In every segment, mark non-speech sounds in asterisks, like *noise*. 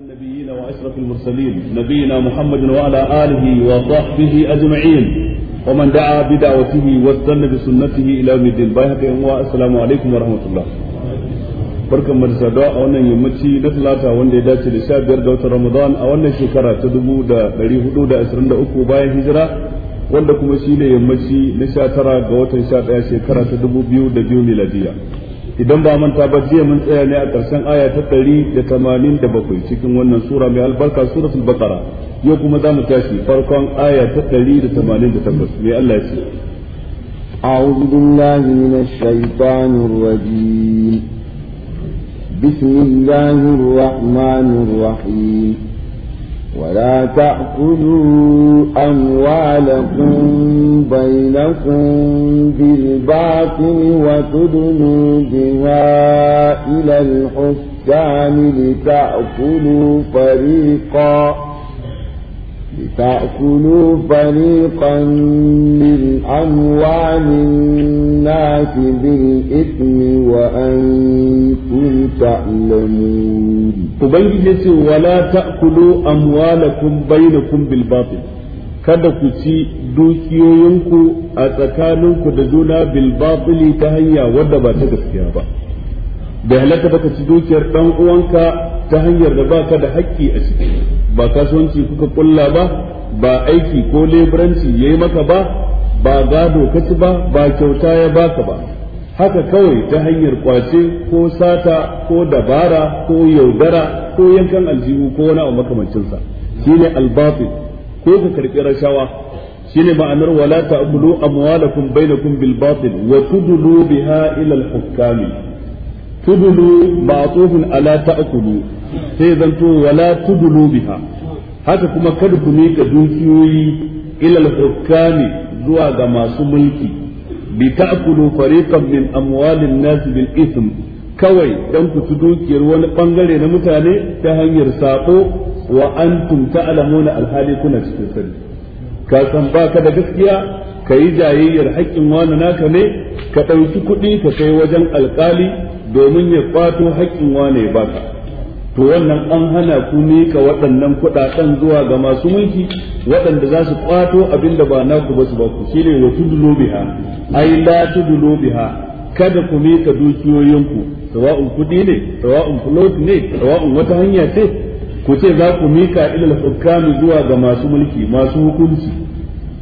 النبيين وأشرف المرسلين نبينا محمد وعلى آله وصحبه أجمعين ومن دعا بدعوته واستنى بسنته إلى يوم الدين بايحك السلام عليكم ورحمة الله barkan mu da saduwa a wannan yammaci na talata wanda ya dace da sha biyar ga watan ramadan a wannan shekara ta dubu da ɗari hudu da ashirin da uku bayan hijira wanda kuma shi yammaci na sha tara ga watan sha ɗaya shekara ta dubu biyu da biyu miladiya idan ba manta ba jiya mun tsaya ne a ƙarshen aya ta ɗari da tamanin da bakwai cikin wannan sura mai albarka suratul baqara yau kuma za mu tashi farkon aya ta ɗari da tamanin da takwas mai Allah ya ce أعوذ بالله من الشيطان الرجيم بسم الله الرحمن الرحيم ولا تأكلوا أموالكم بينكم بالباطل وتدنوا بها إلى الحسكان لتأكلوا فريقاً لتأكلوا فريقا من أموال الناس بالإثم وأنتم تعلمون وبنجلس ولا تأكلوا أموالكم بينكم بالباطل kada ku ci dukiyoyinku a tsakaninku da juna bilbatili ta hanya wadda ba ta gaskiya ba da halatta baka ci dukiyar ɗan uwanka ta hanyar da baka da haƙƙi a ciki ba kasuwanci kuka kulla ba ba aiki ko leburanci yayi maka ba ba gado ka ci ba ba kyauta ya baka ba haka kawai ta hanyar kwace ko sata ko dabara ko yaudara ko yankan aljihu ko wani abu makamancinsa shine albatil ko ka karɓi rashawa shine ma'anar wala ta'kulu amwalakum bainakum bil batil wa tudlu biha ila al-hukami tudulu ba'tufun ala ta'kulu sai zanto wala tudulu biha haka kuma kada ku mika dukiyoyi ilal hukami zuwa ga masu mulki bi ta'kulu fariqan min amwalin nas bil ism kawai dan ku ci dukiyar wani bangare na mutane ta hanyar sako wa antum ta'lamuna alhali kuna cikin sani ka san baka da gaskiya ka yi jayayyar haƙƙin wani naka ne ka ɗauki kuɗi ka kai wajen alƙali domin ya kwato haƙƙin wane ba baka to wannan an hana ku mika waɗannan kuɗaɗen zuwa ga masu mulki waɗanda za su kwato abin da ba naku ba su ba ku shine wa tudulu biha ai la tudulu biha kada ku mika dukiyoyinku sawa'un kuɗi ne sawa'un float ne sawa'un wata hanya ce ku ce za ku mika ilal hukami zuwa ga masu mulki masu hukunci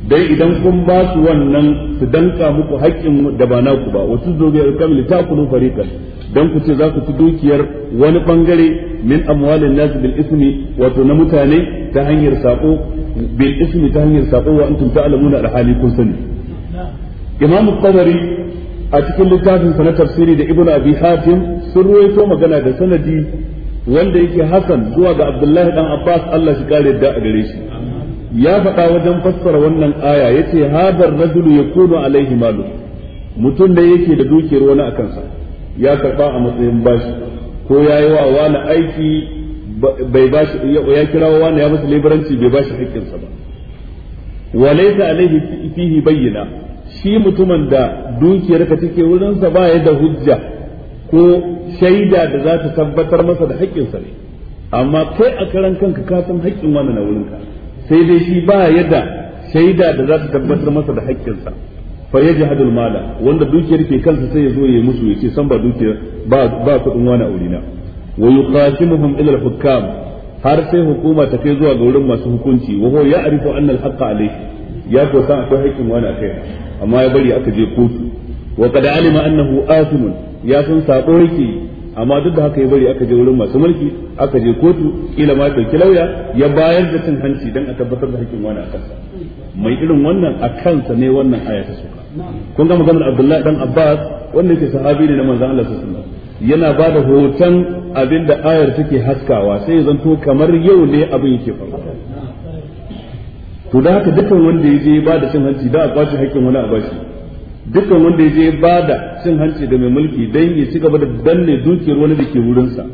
dai idan kun ba su wannan su danka muku haƙƙin da ba naku ba wasu zobe ga ta kunu farikan dan ku ce za ku ci dukiyar wani bangare min amwalin nas bil ismi wato na mutane ta hanyar sako bil ismi ta hanyar sako wa antum ta'lamuna alhali kun sani imam qadari a cikin littafin sa na tafsiri da ibnu abi hatim sun ruwaito magana da sanadi wanda yake hasan zuwa ga abdullahi dan abbas Allah shi kare da a gare shi ya faɗa wajen fassara wannan aya yace hadar rajulu yakunu alaihi malu mutum da yake da dukiyar wani akan sa ya karba a matsayin bashi ko ya yi wa wani aiki bai bashi ya kira wa wani ya masa laboranci bai bashi haƙƙinsa ba walaita alaihi fihi bayyana shi mutumin da dukiyar ka take wurinsa ba ya da hujja ko shaida da za ta tabbatar masa da haƙƙinsa ne amma kai a karan kanka ka san haƙƙin wani na wurinka sai dai shi ba ya da shaida da za ta tabbatar masa da haƙƙinsa fa yajhadu al-mala wanda dukiyar ke kansa sai ya zo yayi musu ya yace san ba dukiyar ba ba kudin wani aurina wa yuqasimuhum ila al-hukam har sai hukuma ta kai zuwa ga wurin masu hukunci wa huwa ya'rifu anna al-haqqa alayhi ya ko san akwai haƙƙin wani a kai amma ya bari aka je kotu wa qad alima annahu asimun ya san sabo yake amma duk da haka ya bari aka je wurin masu mulki aka je kotu kila ma dauki lauya ya bayar da cin hanci dan a tabbatar da haƙƙin wani a kansa mai irin wannan a kansa ne wannan aya ta suka kun ga maganar Abdullahi dan Abbas wanda yake sahabi ne na manzon Allah sallallahu alaihi wasallam yana ba da hoton abin da ayar take haskawa sai ya zanto kamar yau ne abin yake faruwa to da haka dukkan wanda ya je ba da cin hanci da a hakkin wani a bashi dukkan wanda ya je ba da cin hanci da mai mulki dan ya ci gaba da danne dukiyar wani da ke wurinsa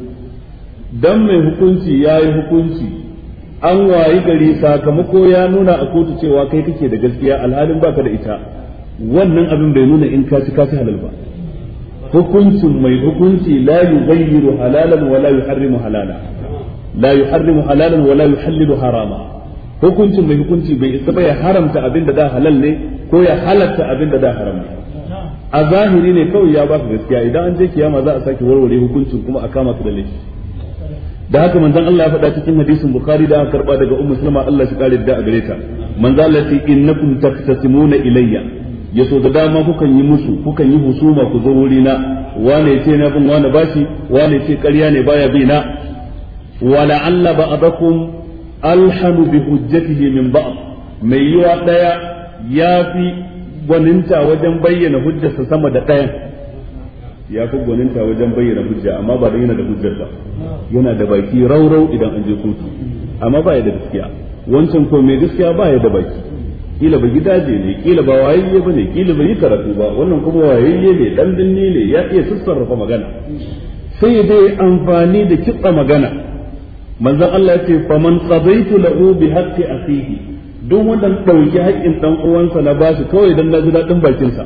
dan mai hukunci ya yi hukunci an wayi gari sakamako ya nuna a kotu cewa kai kake da gaskiya alhalin baka da ita wannan abin bai nuna in ka ci ka ci halal ba hukuncin mai hukunci la yughayyiru halalan wa la yuharrimu halala la yuharrimu halalan wa la yuhallilu harama hukuncin mai hukunci bai isa ba ya haramta abin da da halal ne ko ya halatta abin da da haram ne a zahiri ne kawai ya ba gaskiya idan an je kiyama za a sake warware hukuncin kuma a kama su da laifi da haka manzon Allah ya faɗa cikin hadisin Bukhari da aka karba daga Ummu Salma Allah shi kare da a gare ta manzon Allah ya ce innakum taqtasimuna ilayya ya so da dama kukan yi musu kukan yi husuma ku zo wuri na wane ya ce na bin wane bashi wane ya ce ƙarya ne baya bi na wala alla abakum alhanu bi hujjatihi min ba'd mai yiwa daya ya fi gwaninta wajen bayyana hujjarsa sama da ɗayan ya fi gwaninta wajen bayyana hujja amma ba da yana da hujjar ba yana da baki raurau idan an je kotu amma ba ya da gaskiya wancan ko mai gaskiya ba ya da baki kila bai gidaje ne kila ba wayayye bane kila bai yi karatu ba wannan kuma wayayye ne dan dinni ne ya iya sassarrafa magana sai ya dai amfani da kitsa magana manzon Allah ya ce faman qadaitu lahu bi haqqi akhihi duk wanda dauki haƙƙin dan uwansa na bashi kawai dan na dadin bakin sa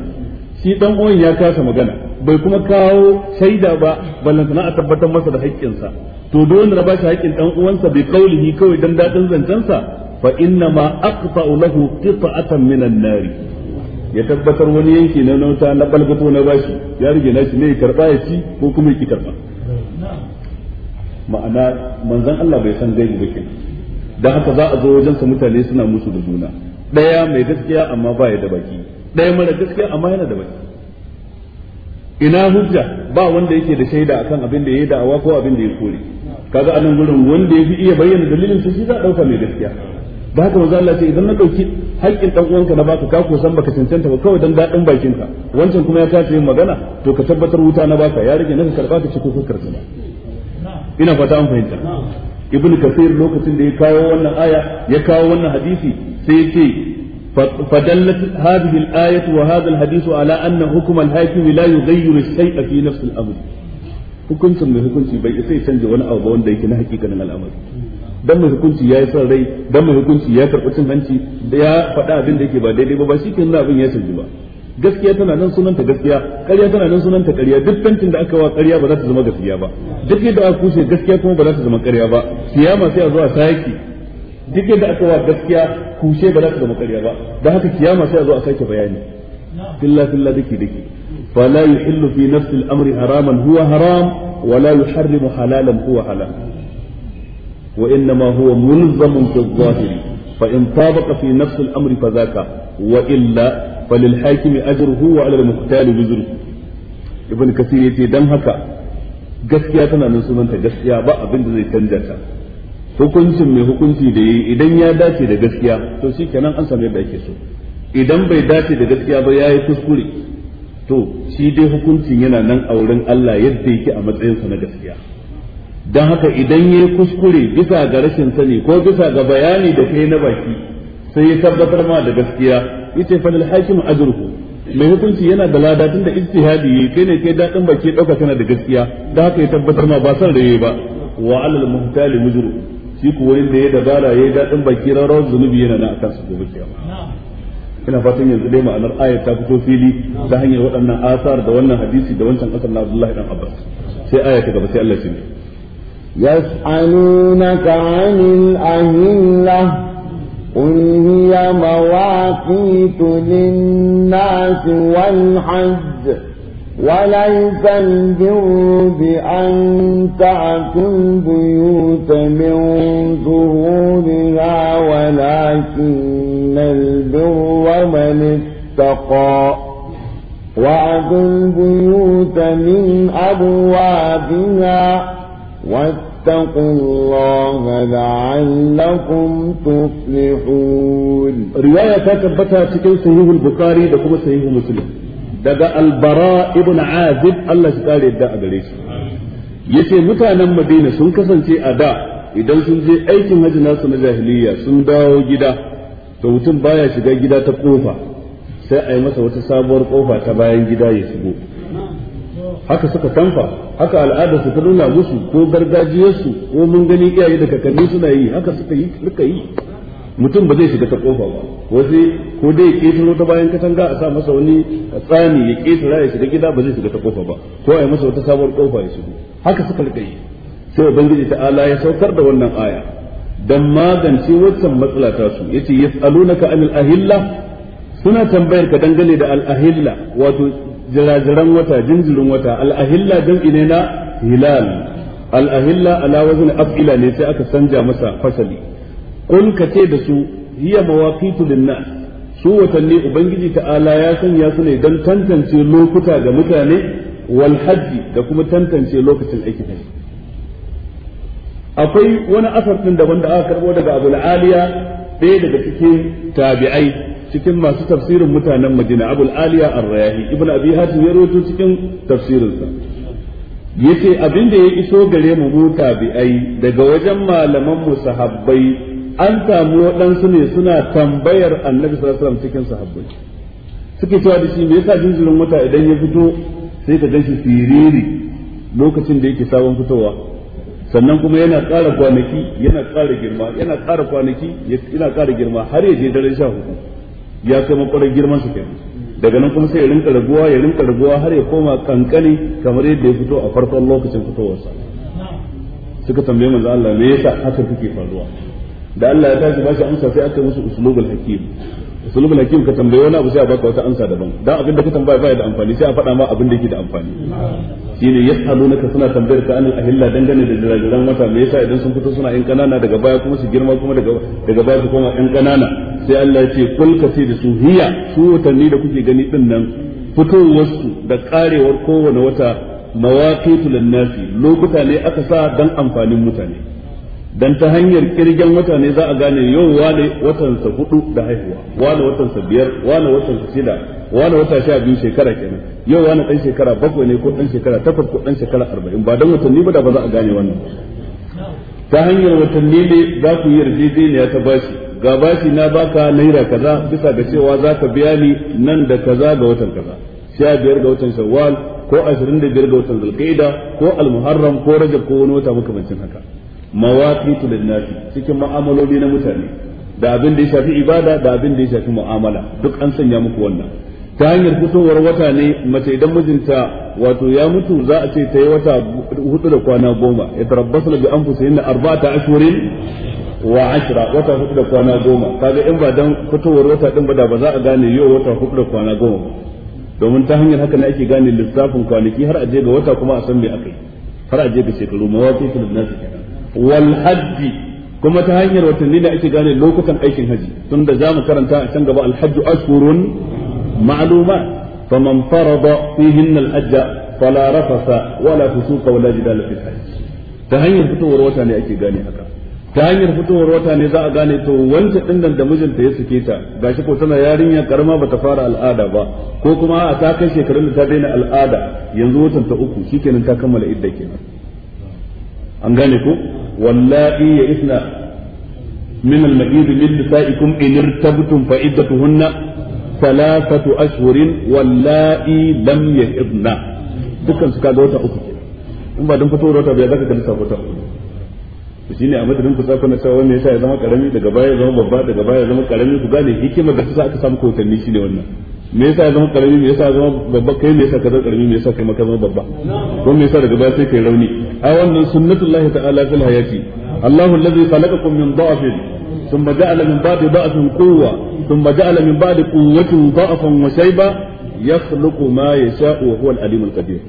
shi dan uwan ya kasa magana bai kuma kawo shaida ba sana a tabbatar masa da haƙƙinsa to dole na bashi haƙƙin dan uwansa bai kaulihi kawai dan dadin zancensa fa inna ma aqta'u lahu qita'atan min an-nar ya tabbatar wani yanki na nauta na balgato na bashi ya rige nashi ne ya karba ya ci ko kuma ya ki karba ma'ana manzon Allah bai san gaibu ba kenan dan haka za a zo wajen sa mutane suna musu da juna daya mai gaskiya amma ba ya da baki daya mara gaskiya amma yana da baki ina hujja ba wanda yake da shaida akan abin da ya yi da'awa ko abin da ya kore kaga anan gurin wanda ya fi iya bayyana dalilin su shi za a dauka mai gaskiya da haka manzo Allah ce idan na ɗauki, haƙƙin dan uwanka na baka ka ko san baka cancanta ba kawai dan dadin bakin ka wancan kuma ya tace yin magana to ka tabbatar wuta na baka ya rage naka karɓa ka ci ko fuskar ta ina fata an fahimta ibnu kasir lokacin da ya kawo wannan aya ya kawo wannan hadisi sai ya ce فدلت هذه الآية وهذا الحديث على أن حكم الحاكم لا يغير الشيء في نفس الأمر hukuncin mai hukunci bai isa ya canja wani abu wanda yake na hakikanin al'amari dan mai hukunci ya yi son rai dan mai hukunci ya karɓi cin hanci da ya faɗa abin da yake ba daidai ba ba shi ke nuna abin ya canji ba gaskiya tana nan sunanta gaskiya ƙarya tana nan sunanta ƙarya duk tantin da aka wa ƙarya ba za ta zama gaskiya ba duk yadda aka kushe gaskiya kuma ba za ta zama ƙarya ba kiyama sai a zuwa sayaki duk yadda aka wa gaskiya kushe ba za ta zama ƙarya ba don haka kiyama sai a zo a sake bayani filla filla dake dake فلا يحل في نفس الأمر حراما هو حرام ولا يحرم حلالا هو حلال وإنما هو ملزم في الظاهر فإن طابق في نفس الأمر فذاك وإلا فللحاكم أجره وعلى المختال بزره ابن كثير يتي دم هكا gaskiya tana nan sunanta gaskiya ba abin da zai canja ta hukuncin mai hukunci da yi idan ya dace da gaskiya to shikenan an samu yadda ake so idan bai dace da gaskiya ba yayi kuskure to shi dai hukuncin yana nan a wurin Allah yadda yake a matsayinsa na gaskiya don haka idan ya yi kuskure bisa ga rashin sani ko bisa ga bayani da kai na baki sai ya tabbatar ma da gaskiya ita fa lil hakim ajruhu mai hukunci yana da lada tun da ijtihadi kai ne kai dadin baki dauka kana da gaskiya don haka ya tabbatar ma ba san raye ba wa alal muhtali mujru shi ko da ya dabara yayi dadin baki rawar zunubi yana na akan su gobe kiyama ina fatan yanzu dai ma'anar ayat ta fito fili ta hanyar waɗannan asar da wannan hadisi da wancan asar na Abdullahi dan Abbas sai aya ta gaba sai Allah shi ne يسألونك عن الأهلة قل هي مواقيت للناس والحج وليس البر بأن تأتوا البيوت من ظهورها ولكن البر من اتقى وأتوا البيوت من أبوابها واتقوا الله لعلكم تفلحون رواية تثبتها تكون صحيح البخاري دكما صحيح مسلم دقا البراء ابن yadda الله تعالى يدعى قريش yace mutanen Madina sun kasance a da idan sun je aikin hajji nasu na jahiliya sun dawo gida to mutum baya shiga gida ta kofa sai a yi masa wata sabuwar kofa ta bayan gida ya shigo haka suka tamfa haka al'ada su ta nuna musu ko gargajiyarsu ko mun gani iyaye da kakanni suna yi haka suka yi suka yi mutum ba zai shiga ta kofa ba wasu ko dai ya ketaro ta bayan katanga a sa masa wani tsani ya ketara ya shiga gida ba zai shiga ta kofa ba ko a yi masa wata sabuwar kofa ya shigo haka suka rika yi sai ubangiji ta'ala ya saukar da wannan aya dan magance wancan matsala ta su yace yas'alunaka anil ahilla suna tambayar ka dangane da al ahilla wato jirajiran wata jinjirin wata al'ahilla jam'i ne na hilal al'ahilla ala wazin af'ila ne sai aka sanja masa fasali kun ka ce da su hiya mawaqitu linnas su watanni ubangiji ta'ala ya sanya su ne don tantance lokuta ga mutane wal da kuma tantance lokacin aiki da akwai wani asar din daban da aka karbo daga Abu Aliya ɗaya daga cikin tabi'ai cikin masu tafsirin mutanen Madina Abul Aliya ar Ibn Abi Hatim ya rawaito cikin tafsirinsa yace abin da ya iso gare mu mu tabi'ai daga wajen malaman mu sahabbai an samu waɗansu ne suna tambayar Annabi sallallahu alaihi wasallam cikin sahabbai suke cewa da shi me yasa jinjirin wata idan ya fito sai ka ganshi siriri lokacin da yake sabon fitowa sannan kuma yana ƙara kwanaki yana ƙara girma yana ƙara kwanaki yana ƙara girma har ya je daren sha hudu ya kai makwarar girman su ke daga nan kuma sai ya rinka raguwa ya rinka raguwa har ya koma kankani kamar yadda ya fito a farkon lokacin fitowarsa suka tambaye manzo Allah me yasa haka kuke faruwa da Allah ya tashi ba shi amsa sai aka musu uslubul hakim usulul hakim ka tambaye wani abu sai a baka wata amsa daban dan abin da ka tambaya baya da amfani sai a faɗa ma abin da yake da amfani shine yasalunaka suna tambayar ka anil ahilla dangane da jiragiran mata me yasa idan sun fito suna yan kanana daga baya kuma su girma kuma daga daga baya su koma yan kanana sai Allah ya ce kul ka sai da su hiya su watanni da kuke gani din nan fitowarsu da karewar kowane wata mawaqitul lin-nasi lokuta ne aka sa dan amfanin mutane dan ta hanyar kirgen mutane za a gane yau wane watansa hudu da haihuwa wane watansa biyar wane watansa shida wane wata sha biyu shekara kenan yau wane dan shekara bakwai ne ko dan shekara takwas ko dan shekara arba'in ba dan watanni ba da ba za a gane wannan ta hanyar watanni ne za ku yi yarjejeniya ta bashi ga bashi na baka naira kaza bisa ga cewa za ka biya ni nan da kaza ga watan kaza sha biyar ga watan shawwal ko ashirin da biyar ga watan Zulkaida ko almuharram ko rajab ko wani wata makamancin haka mawaqitu lin-nasi cikin mu'amaloli na mutane da abin da ya shafi ibada da abin da ya shafi mu'amala duk an sanya muku wannan ta hanyar fitowar wata ne mace idan mijinta wato ya mutu za a ce ta yi wata hudu da kwana goma ya tarabbasu bi anfusihin arba'ata ashhurin wa ashra wata hudu da kwana goma kaga in ba dan fitowar wata din ba da ba za a gane yau wata hudu da kwana goma domin ta hanyar haka ne ake gane lissafin kwanaki har a je ga wata kuma a san me akai har a je ga shekaru mawaqitu lin-nasi kenan wal hajji kuma ta hanyar watanni da ake gane lokutan aikin haji tun za mu karanta a can gaba al hajju ashhurun fa man farada fihin al hajja fala rafasa wala fusuka wala jidala fil hajj ta hanyar fitowar wata ne ake gane haka ta hanyar fitowar wata ne za a gane to wancan din da mijinta ya sake ta gashi ko tana yarinya karama bata fara al'ada ba ko kuma a ta kai shekarun da ta daina al'ada yanzu watan ta uku shikenan ta kammala idda an gane ko wallahi ya isna min al-maqid min nisaikum in irtabtum fa iddatuhunna thalathatu ashhurin lam dukkan su kaga wata uku in ba dan fitowar wata bai zaka ga lissafin wata uku shine a madadin ku sako na cewa wannan yasa ya zama karami daga baya ya zama babba daga baya ya zama karami ku gane hikimar da sa aka samu wannan me yasa ya zama karami me yasa ya zama babba kai me yasa ka zama karami me yasa kai maka zama babba ko me yasa daga baya sai kai rauni a wannan sunnatullahi ta'ala fil hayati Allahu allazi khalaqakum min dha'fin thumma ja'ala min ba'di dha'fin quwwa thumma ja'ala min ba'di quwwatin dha'fan wa shayba yakhluqu ma yasha'u wa huwa al-alim al-qadir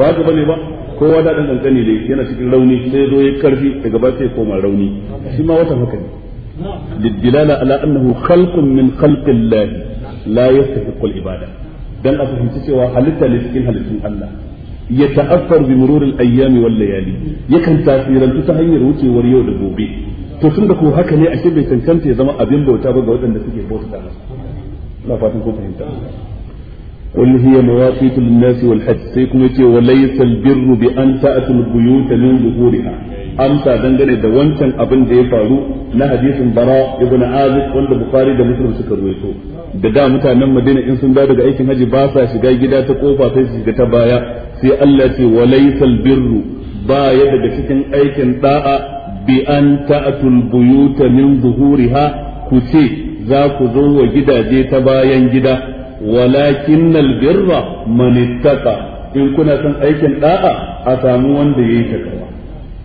ba ga bane ba kowa da dan kankani ne yana cikin rauni sai zo karfi daga ba sai koma rauni Sima ma wata haka ne lidilala ala min la ibada dan a fahimci cewa halitta ne halittun Allah ya ta'affar bi mururil ayyami wal layali yakan tasirantu ta hanyar wucewar yau da gobe to tun da ko haka ne ashe bai cancanta ya zama abin bauta ba ga waɗanda suke bauta masa ina fatan ko fahimta قل هي مواقيت للناس والحج سيكم يتي وليس البر بأن تأتوا البيوت من ظهورها أمسى دنجني دا وانتن أبن دي فارو نا حديث براء ابن عازب وند بخاري دا مسلم سكر ويسو دا دا متى نم مدينة إنسان دا دا أيكم هجي باسا شجاي جدا تقوفا تيسي جتا بايا sai Allah ce walaisal birru ba ya daga cikin aikin da'a bi an ta'atul buyuta min zuhuriha ku ce za ku zo wa gidaje ta bayan gida walakinnal birra man ittaqa in kuna son aikin da'a a samu wanda yayi takawa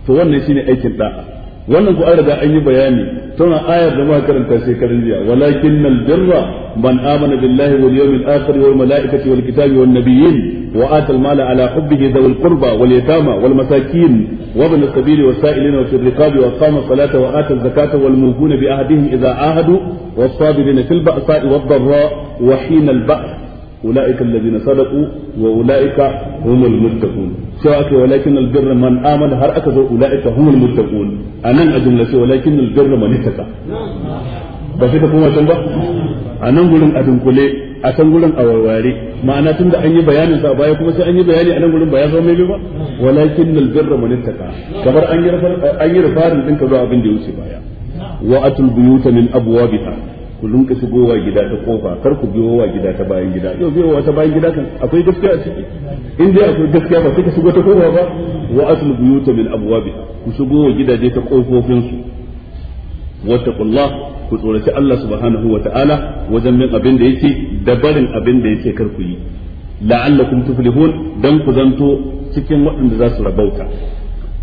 to wannan shine aikin da'a wannan ku an riga an yi bayani tana ayar da muka karanta shekarun jiya walakin albirra man amana billahi wal yawmil akhir wal malaikati wal kitabi wan nabiyyin wa ata al mala ala hubbihi dhawil qurba wal yatama wal masakin wa ibn sabili was sa'ilin wa fil wa qama salata wa ata zakata wal mufuna bi ahdihim idha ahadu was sabirina fil ba'sa'i wad dharra wa hina al ba's أولئك الذين صدقوا وأولئك هم المتقون سواء ولكن البر من آمن هر أكثر أولئك هم المتقون أنا أجملة ولكن البر من اتقى ba sai ta koma can ba a nan gurin a dunkule a can a warware ma'ana tun da an yi bayanin sa baya kuma sai an yi bayani a nan gurin ba ya zama mai ba walakin nal birra man ittaka kamar an din ka zo abin da ya wuce baya wa atul min ku lunka shigowa gida ta kofa kar ku biyo wa gida ta bayan gida yau biyo wa ta bayan gida kan akwai gaskiya a ciki in dai akwai gaskiya ba sai ka shigo ta kofa ba wa aslu buyuta min abwabi ku shigo wa gidaje ta kofofin su wattaqullah ku tsoraci Allah subhanahu wa ta'ala wajen min abin da yake da barin abin da yake kar ku yi la'allakum tuflihun dan ku zanto cikin waɗanda za su rabauta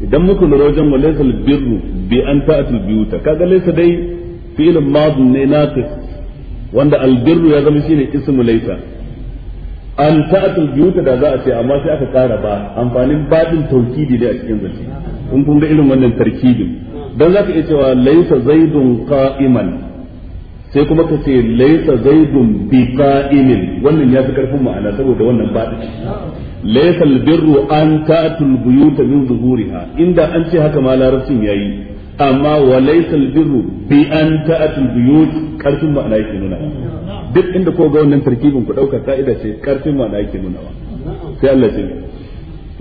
idan muka lura wajen walaysal birru bi an ta'atul biyuta kaga laysa dai filin madin ne naqis wanda albirru ya zama shine ismu laysa an ta'atul biyuta da za a ce amma sai aka kara ba amfanin badin taukidi ne a cikin zance in kun ga irin wannan tarkibin dan zaka iya cewa laysa zaidun qa'iman sai kuma ka ce laysa zaidun bi qa'imin wannan ya fi karfin ma'ana saboda wannan badin laysa albirru an ta'atul buyuta min zuhuriha inda an ce haka ma larabcin yayi amma wa laysa albirru bi an ta'atu albiyut karfin ma'ana yake nuna duk inda ko ga wannan tarkibin ku dauka ka'ida ce karfin ma'ana yake nuna sai Allah ya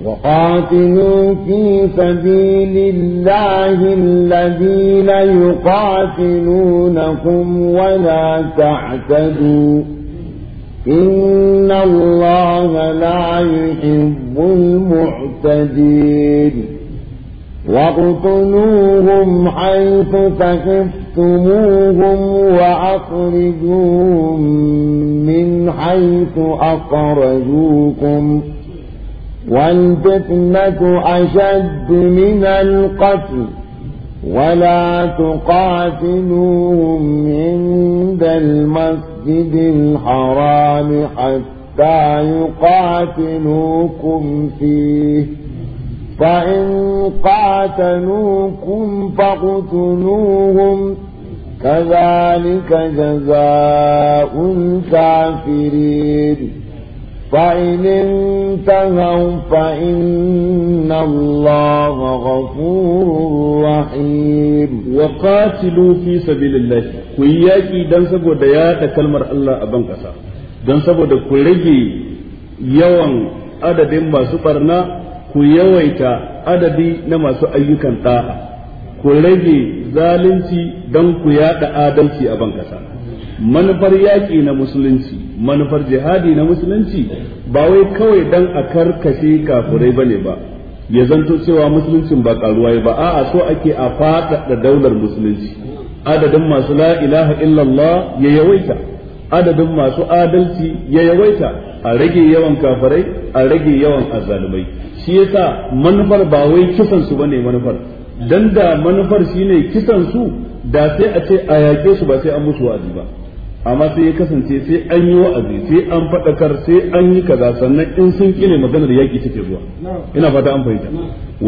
وقاتلوا في سبيل الله الذين يقاتلونكم ولا تعتدوا إن الله لا يحب المعتدين واقتلوهم حيث تخفتموهم وأخرجوهم من حيث أخرجوكم والفتنة أشد من القتل ولا تقاتلوهم عند المسجد الحرام حتى يقاتلوكم فيه فإن قاتلوكم فاقتلوهم كذلك جزاء الكافرين فإن انتهوا فإن الله غفور رحيم وقاتلوا في سبيل الله وياكي دان سبو ديات كلمة الله أبنك دان سبو دكوليجي يوان أدد ما سبرنا ku yawaita adadi na masu ayyukan da'a ku rage zalunci don ku yada adalci a bankasa manufar yaƙi na musulunci manufar jihadi na musulunci ba wai kawai don a karkashe kafurai bane ba ya zanto cewa musuluncin ba karuwa ba a'a so ake a faɗaɗa daular musulunci adadin masu la ilaha illallah ya yawaita adadin masu adalci ya yawaita a rage yawan kafirai a rage yawan azalumai shi yasa manufar ba wai kisan su bane manufar dan da manufar shine kisan su da sai a ce a yake su ba sai an musu wa'azi ba amma sai ya kasance sai an yi wa'azi sai an faɗakar sai an yi kaza sannan in sun kine maganar yaƙi take zuwa ina fata an fahimta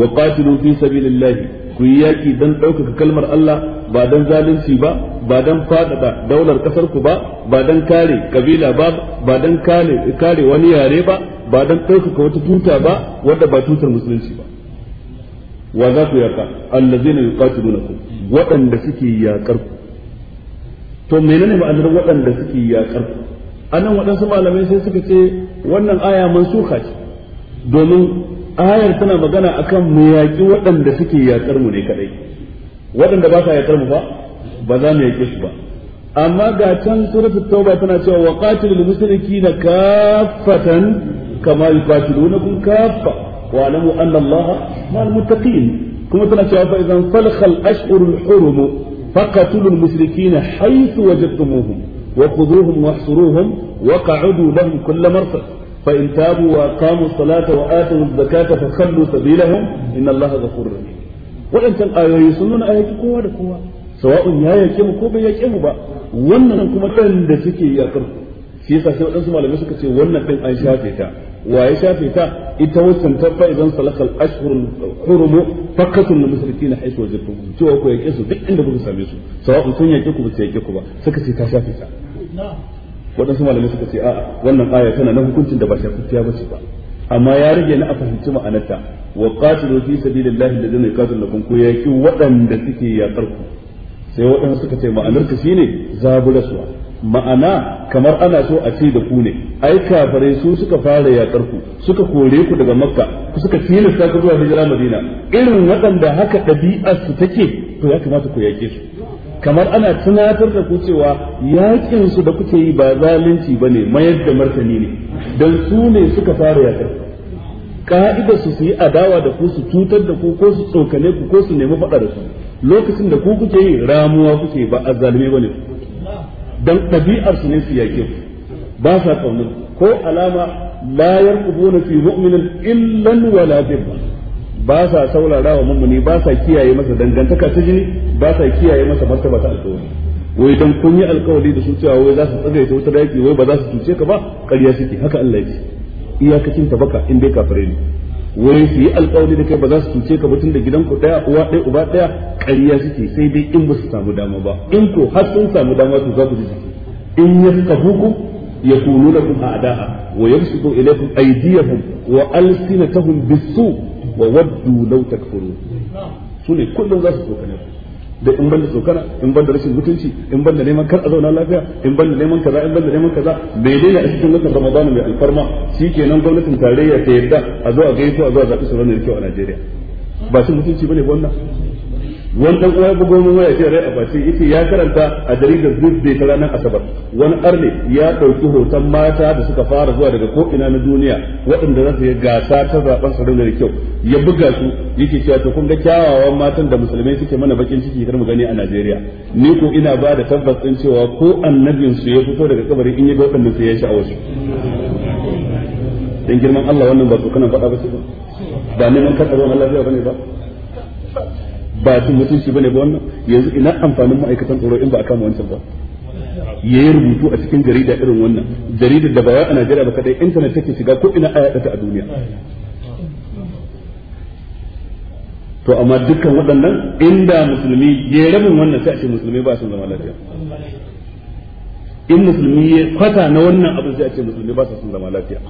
wa qatilu fi sabilillahi ku yi yaƙi don ɗaukaka kalmar Allah ba don zalunci ba ba don faɗaɗa daular ƙasar ku ba ba don kare kabila ba ba don kare wani yare ba ba don ɗaukaka wata tuta ba wadda ba tutar musulunci ba wa za ku yaƙa allazina ku. waɗanda suke yaƙar ku to menene ma'anar waɗanda suke yaƙar ku anan waɗansu malamai sai suka ce wannan aya mansuka ce domin ayar tana magana akan mu yaƙi waɗanda suke yaƙar mu ne kaɗai waɗanda ba sa yaƙar mu ba ba za mu yaƙe su ba amma ga can suratul tauba tana cewa wa qatilul mushrikeena kaffatan kama yuqatilunakum kaffa wa alamu anna allaha ma'al muttaqin kuma tana cewa fa idan falkhal ashhurul hurum faqatulul mushrikeena haythu wajadtumuhum وخذوهم واحصروهم وقعدوا لهم كل مرصد فإن تابوا وأقاموا الصلاة وآتوا الزكاة فخلوا سبيلهم إن الله غفور رحيم وإن كان آية يسنون آية قوة قوة سواء يا يكيم كو يكيم با wannan kuma kan da suke yakar shi yasa sai wadansu malamai suka ce wannan din an shafe ta wa ya shafe ta ita wancan ta fa idan salakal ashhurul hurum fakatul musrikin haythu wajadtum cewa ko yake su duk inda kuka same su sun yake ku ba yake ku ba suka ce ta shafe ta waɗansu malamai suka ce a'a wannan aya tana na hukuncin da ba shakkiya ba ce ba amma ya rage na a fahimci ma'anarta wa qatilu fi sabilillahi alladhina yuqatilukum ko yaki waɗanda suke yaƙar ku sai waɗansu suka ce ma'anar ka shine zaburaswa ma'ana kamar ana so a ce da ku ne ai kafare su suka fara yaƙar ku suka kore ku daga makka ku suka tilasta ku zuwa hijira madina irin waɗanda haka ɗabi'ar su take to ya kamata ku yaƙe su kamar ana tunatar da ku cewa yakin su da kuke yi ba zalunci ba ne mayar da martani ne dan su ne suka fara yakin ka'ida su su yi adawa da ku su cutar da ku ko su tsokane ku ko su nemi faɗa da su lokacin da ku kuke yi ramuwa kuke ba azzalume bane dan ɗabi'ar su ne su yake ku ba sa kaunar ko alama la yarqubuna fi mu'minin illan wala dabba ba sa saurara wa mummuni ba sa kiyaye masa dangantaka ta jini ba sa kiyaye masa martaba ta alƙawari wai dan kun yi alƙawari da su cewa wai za su tsagaita wata daki wai ba za su cuce ka ba ƙarya suke haka Allah ya ce iyakacin ta baka in bai kafare ne wai su yi alƙawari da kai ba za su cuce ka ba tun da gidan ku daya uwa ɗaya uba ɗaya ƙarya suke sai dai in ba su samu dama ba in ko har sun samu dama to za ku ji jiki in yaskahukum يكونوا لكم أعداء ويبسطوا إليكم أيديهم وألسنتهم بالسوء wa waddu law takfuru su ne kullum za su tsokane da in banda tsokana in banda rashin mutunci in banda neman kar a zauna lafiya in banda neman kaza in banda neman kaza bai daina a cikin watan ramadana mai alfarma shikenan gwamnatin tarayya ta yadda a zo a gaisu a zo a zaɓi su ranar kyau a najeriya ba shi mutunci ba ne wannan wani dan uwa ya bugo mun waya ce rai a bace yace ya karanta a jaridar Tuesday ta ranar Asabar wani arne ya dauki hoton mata da suka fara zuwa daga ko ina na duniya waɗanda za su yi gasa ta zaben su da kyau ya buga su yake cewa to kun ga kyawawan matan da musulmai suke mana bakin ciki kar mu gani a Najeriya ni ko ina ba da tabbas din cewa ko annabin su ya fito daga kabari in ya ga waɗanda su ya sha wasu dan girman Allah wannan ba kana faɗa ba ce ba neman karɓar Allah zai bane ba ba cin mutunci bane ba wannan yanzu ina amfanin ma'aikatan tsaro in ba a kama wancan ba ya yi rubutu a cikin jarida irin wannan jaridar da ba a Najeriya ba kadai intanet take shiga ko ina a yaɗa ta a duniya to amma dukkan waɗannan inda musulmi ya rabin wannan sai a ce musulmi ba su zama lafiya in musulmi ya kwata na wannan abin sai a ce musulmi ba sa son zama lafiya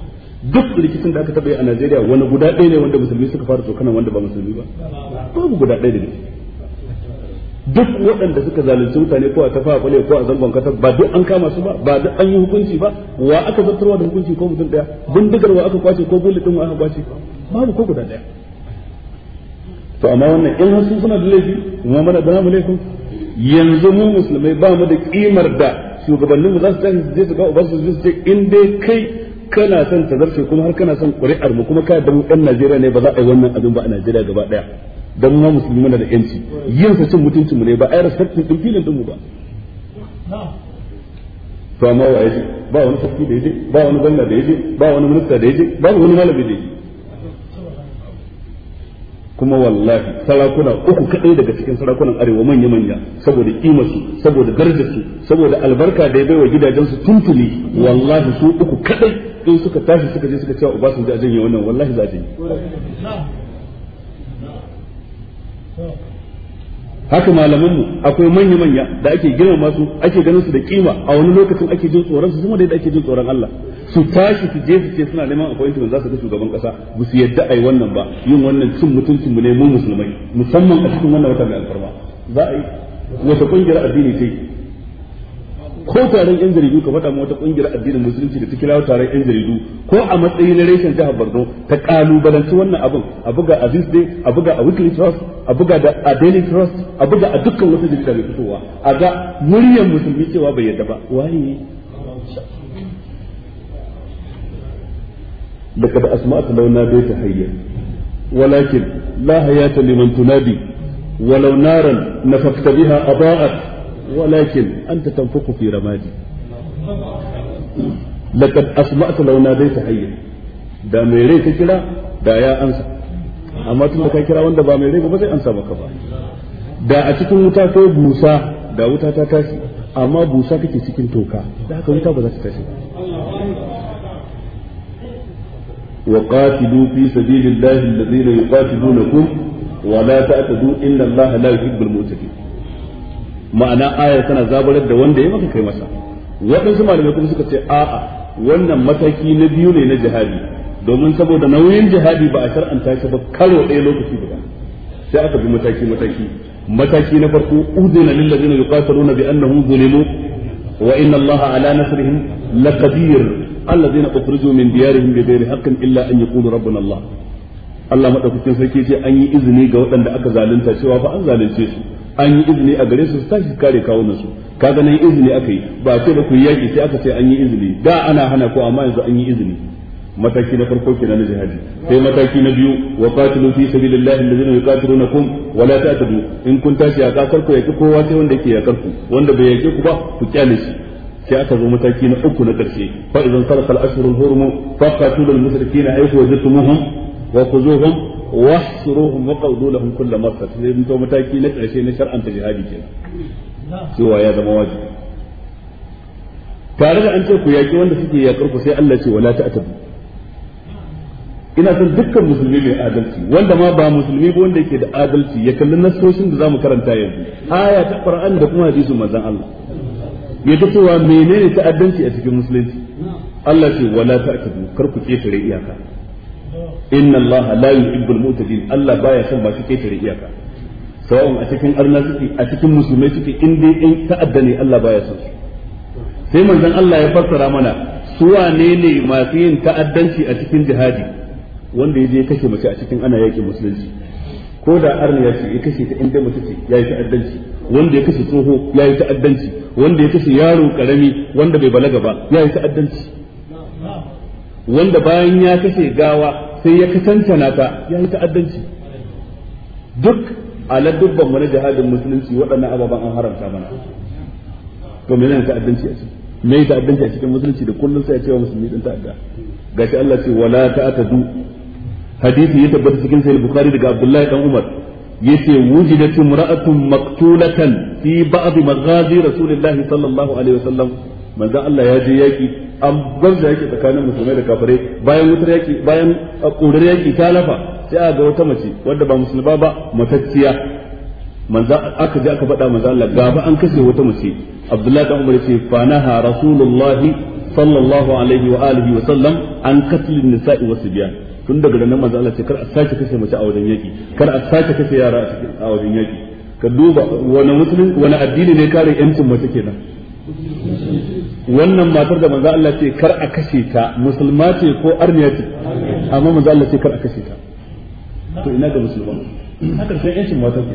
duk rikicin da aka taɓa yi a Najeriya wani guda ɗaya ne wanda musulmi suka fara tsokanan wanda ba musulmi ba babu guda ɗaya ne duk waɗanda suka zalunci mutane ko a tafa a kwale ko a zangon kata ba duk an kama su ba ba duk an yi hukunci ba wa aka zartarwa da hukunci ko mutum ɗaya bindigar wa aka kwace ko bulletin wa aka kwace babu ko guda ɗaya to amma wannan in har sun suna da laifi kuma mana da namu laifin yanzu mu musulmai ba mu da kimar da shugabannin mu za su tashi zai je su ga uban su ce in dai kai kana son ta zarce kuma har kana son ƙuri'ar mu kuma ka dan ɗan Najeriya ne ba za a yi wannan abin ba a Najeriya gaba ɗaya dan mu musulmi muna da yanci yin sa cin mutuncin mu ne ba a yi respect din filin din mu ba to amma wa yaje ba wani sarki da yaje ba wani gwamna da yaje ba wani minista da yaje ba wani malami da yaje kuma wallahi sarakuna uku kadai daga cikin sarakunan arewa manya manya saboda kimarsu saboda darajarsu saboda albarka da ya baiwa gidajensu tuntuli wallahi su uku kadai in suka tashi suka je suka cewa Obasanjo a janye wannan wallahi za a janye haka mu akwai manya manya da ake girma masu ake ganin su da kima a wani lokacin ake jin tsoron su kuma da ake jin tsoron Allah su tashi su je su ce suna neman appointment za su ga shugaban kasa ba su yadda ai wannan ba yin wannan cin mutuncin mu ne mu musulmai musamman a cikin wannan watan mai alfarma za a yi wata kungiyar addini ce ko taron yan jaridu ka faɗa wata ƙungiyar addinin musulunci da ta kira taron yan jaridu ko a matsayi na reshen jihar Borno ta kalubalanci wannan abin a buga a This Day a buga a Weekly Trust a buga da a Daily Trust a buga a dukkan wata jarida mai fitowa a ga muryar musulmi cewa bai yadda ba waye da asma لقد أسمعت لو ناديت حيا ولكن لا حياة لمن تنادي ولو نارا نفخت بها أضاءت walakin anta tanfuku fi ramadi laqad asma'tu law nadaita hayya da mai rai ka kira da ya ansa amma tun da kira wanda ba mai rai ba zai ansa maka ba da a cikin wuta kai busa da wuta ta tashi amma busa kake cikin toka da haka wuta ba za ta tashi wa qatilu fi sabilillahi alladhina yuqatilunakum wa ma'ana ayar tana zabarar da wanda ya maka kai masa waɗansu malamai kuma suka ce a'a wannan mataki na biyu ne na jihadi domin saboda nauyin jihadi ba a shar'anta shi ba karo ɗaya lokaci guda sai aka bi mataki mataki mataki na farko udina lil ladina yuqataluna bi annahum zulimu wa inna allaha ala nasrihim laqadir alladhina ukhrijoo min diyarihim bighayri haqqin illa an yaqulu rabbuna allah Allah madaukakin sarki ce an yi izini ga waɗanda aka zalunta cewa fa an zalunce su an yi izini a gare su su tashi kare kawunan su kaga nan izini aka yi ba ce da ku yaki sai aka ce an yi izini da ana hana ko amma yanzu an yi izini mataki na farko kenan na jihadi sai mataki na biyu wa qatilu fi sabilillahi alladhina yuqatilunakum wa la ta'tadu in kun tashi a kasar ku yaki kowa sai wanda yake yakar ku wanda bai yake ku ba ku kyale shi sai aka zo mataki na uku na karshe fa idan salaka al-ashhurul hurum fa qatilu al-mushrikeena aytu wajtumuhum wa khuzuhum wahsuruhum wa qawdulahum kullu marsa sai mun to mataki na karshe na shar'anta jihadi kenan cewa ya zama wajibi tare da an ce ku yaki wanda suke yakar ku sai Allah ce wala ta'tabu ina son dukkan musulmi mai adalci wanda ma ba musulmi ba wanda yake da adalci ya kalli nasoshin da zamu karanta yanzu aya ta Qur'an da kuma hadisin manzon Allah ya ga cewa menene ta'addanci a cikin musulunci Allah ce wala ta'tabu kar ku ketare iyaka inna allaha la al mu'tadin Allah baya son ba kike tare iyaka sawan a cikin arna suke a cikin musulmai suke in dai in ta'adda ne Allah baya son su sai manzon Allah ya fassara mana su wane ne masu yin ta'addanci a cikin jihadi wanda ya je kashe mace a cikin ana yakin musulunci ko da arna ya ce ya kashe ta inda mace ce ya yi ta'addanci wanda ya kashe tsoho ya yi ta'addanci wanda ya kashe yaro karami wanda bai balaga ba ya yi ta'addanci wanda bayan ya kashe gawa sai ya kasantana ta ya yi ta'addanci duk ala dubban wani jihadin musulunci waɗannan ababen an haramta mana to me ne ta'addanci a ciki me ta'addanci a cikin musulunci da kullum sai ya ce wa musulmi din ta'adda gashi Allah ce wala ta'tadu hadisi ya tabbata cikin sahih bukhari daga abdullahi dan umar yace wujidat imra'atun maqtulatan fi ba'd maghazi rasulillahi sallallahu alaihi wasallam manzon Allah ya je yaki an gwamza yaki tsakanin musulmai da kafirai bayan wutar yaki bayan ƙurar yaki ta lafa sai a ga wata mace wadda ba musulma ba matacciya manzan aka je aka faɗa manzan Allah gaba an kashe wata mace Abdullahi dan Umar ce fanaha Rasulullahi sallallahu alaihi wa alihi wa sallam an katlin nisa'i wasu biyan tun daga nan manzo Allah ce kar a sake kashe mace a wajen yaki kar a sake kashe yara a wajen yaki ka duba wani musulmi wani addini ne kare yancin mace kenan wannan matar da manzo Allah ce kar a kashe ta musulma ce ko arniya ce amma manzo Allah ce kar a kashe ta to ina ga musulma haka sai yancin mata ke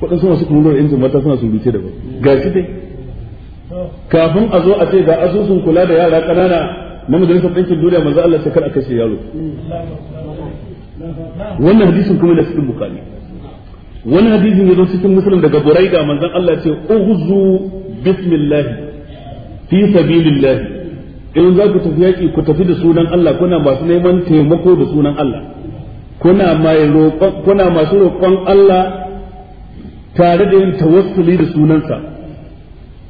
kudin suna su kuma yancin mata suna surutai da ba ga shi dai kafin a zo a ce ga asusun kula da yara kanana na majalisar ɗinkin duniya manzo Allah ce kar a kashe yaro wannan hadisin kuma na cikin bukari wani hadisin ya zo cikin musulun daga buraida manzon Allah ce ughzu bismillah fi sabilillahi in za ku tafi yaki ku tafi da sunan Allah kuna masu neman taimako da sunan Allah kuna mai roƙon kuna masu roƙon Allah tare da yin tawassuli da sunansa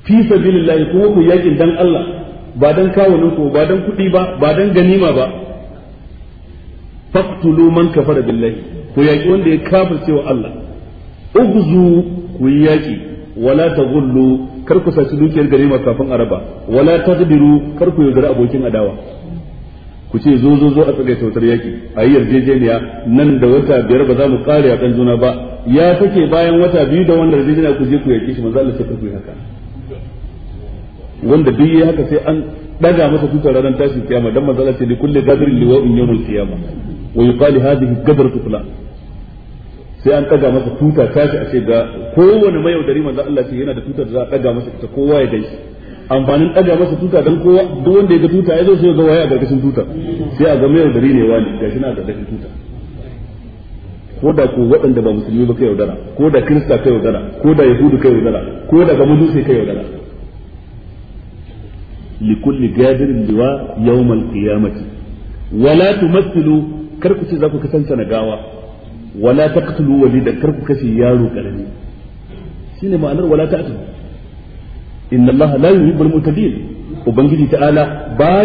fi sabilillahi kuma ku yaƙin dan Allah ba dan kawunin ku ba dan kuɗi ba ba dan ganima ba faqtulu man kafara billahi ku yaki wanda ya kafirce wa Allah ugzu ku yaki wala taghullu karku ku saci dukiyar ganima kafin araba wala taqdiru kar ku yaudara abokin adawa ku ce zo zo zo a tsagai tautar yaki a yi yarjejeniya nan da wata biyar ba za mu kare a kan juna ba ya take bayan wata biyu da wanda yarjejeniya ku je ku yaki shi manzo Allah sai ku yi haka wanda duk yayi haka sai an daga masa tutar ranar tashin kiyama dan manzo Allah ce li kulli gadrin liwa'in yawmul kiyama wa yuqalu hadhihi gadratu fulan sai an ɗaga masa tuta tashi a ce ga kowane mai yaudari manzo Allah ce yana da tutar da za a ɗaga masa ita kowa ya gaishe amfanin ɗaga masa tuta dan kowa duk wanda ya ga tuta ya zo sai ga waye a gargashin tuta sai a ga mai yaudari ne wani gashi na gargashin tuta ko da ko waɗanda ba musulmi ba kai yaudara ko da kirista kai yaudara ko da yahudu kai yaudara ko da ga mudusi kai yaudara likulli gadirin liwa yawmal qiyamati wala tumathilu kar ku ce za ku kasance na gawa wala taqtulu walidan kar karku kashe yaro karami ne ma'anar wala ta ta'tu inna allaha la yuhibbul mu'tadin ubangiji ta'ala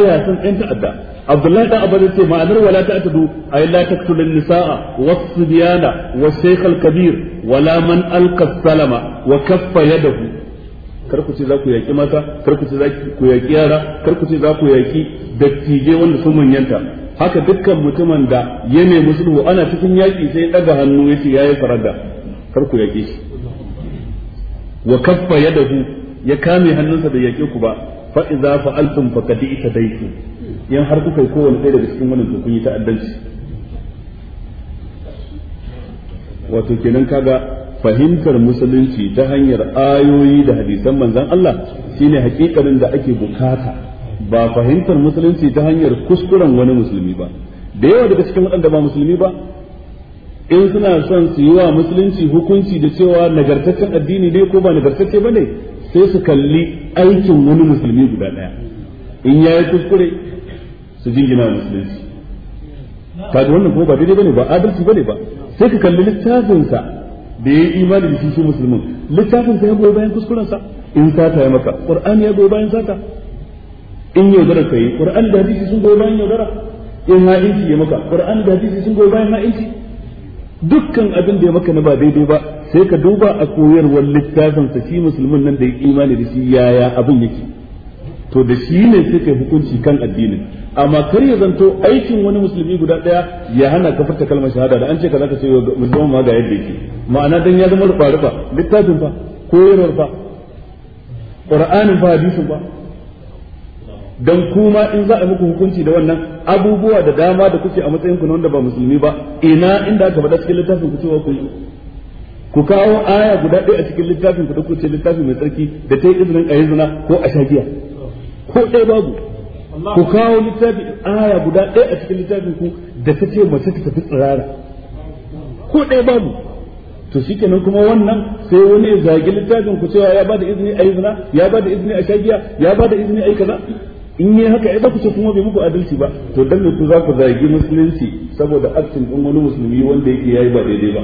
ya san ɗan ta'adda abdullahi da abada ce ma'anar wala ta ta'tadu ay la taqtulun nisaa was-sibyana was-shaykh al-kabir wala man alqa salama wa kaffa yadahu kar ku ce za ku yaki mata kar ku ce za ku yaki yara kar ku ce za ku yaki dattijai wanda sun manyanta haka dukkan mutumin da ya nemi sulhu ana cikin yaƙi sai ɗaga hannu ya ce yayi faraga. kar ku yaƙe shi wa kaffa yadahu ya kame hannunsa da yaƙe ku ba fa idza fa'altum dai su. yan har kuka yi kowanne ɗaya daga cikin wannan kun yi ta'addanci wato kenan kaga fahimtar musulunci ta hanyar ayoyi da hadisan manzon Allah shine hakikanin da ake bukata ba fahimtar musulunci ta hanyar kuskuren wani musulmi ba da yawa daga cikin waɗanda ba musulmi ba in suna son su yi wa musulunci hukunci da cewa nagartaccen addini ne ko ba nagartacce ba ne sai su kalli aikin wani musulmi guda ɗaya in ya yi kuskure su jingina musulunci kaga wannan kuma ba daidai ba ne ba adalci ne ba sai ka kalli littafinsa da ya yi imani da shi musulmin littafinsa ya goyi bayan kuskurensa in sata ya maka Ƙur'ani ya goyi bayan sata in yaudara ka yi qur'ani da hadisi sun goyi bayan yaudara in ha'inci ya maka qur'ani da hadisi sun goyi bayan ha'inci dukkan abin da ya maka na ba daidai ba sai ka duba a koyarwar littafin sa shi musulmin nan da ya imani da shi yaya abin yake to da shi ne sai kai hukunci kan addinin amma kar ya zanto aikin wani musulmi guda daya ya hana ka furta kalmar shahada da an ce ka zaka ce musulman ma ga yadda yake ma'ana dan ya zama rufa rufa littafin fa koyarwar fa qur'anin fa hadisin fa dan kuma in za a muku hukunci da wannan abubuwa da dama da kuke a matsayin ku na wanda ba musulmi ba ina inda aka faɗa cikin littafin ku cewa ku yi ku kawo aya guda ɗaya a cikin littafin ku da ce littafi mai tsarki da ta yi izinin a yi zina ko a shagiya ko ɗaya babu ku kawo littafi aya guda ɗaya a cikin littafin ku da ta ce mace ta tafi tsirara ko ɗaya babu to shikenan kuma wannan sai wani ya zagi littafin ku cewa ya ba da izini a yi zina ya ba da izini a shagiya ya ba da izini a yi kaza in yi haka ya ku ce kuma bai muku adalci ba to dan ne ku za ku zagi musulunci saboda aktin din wani musulmi wanda yake yayi ba daidai ba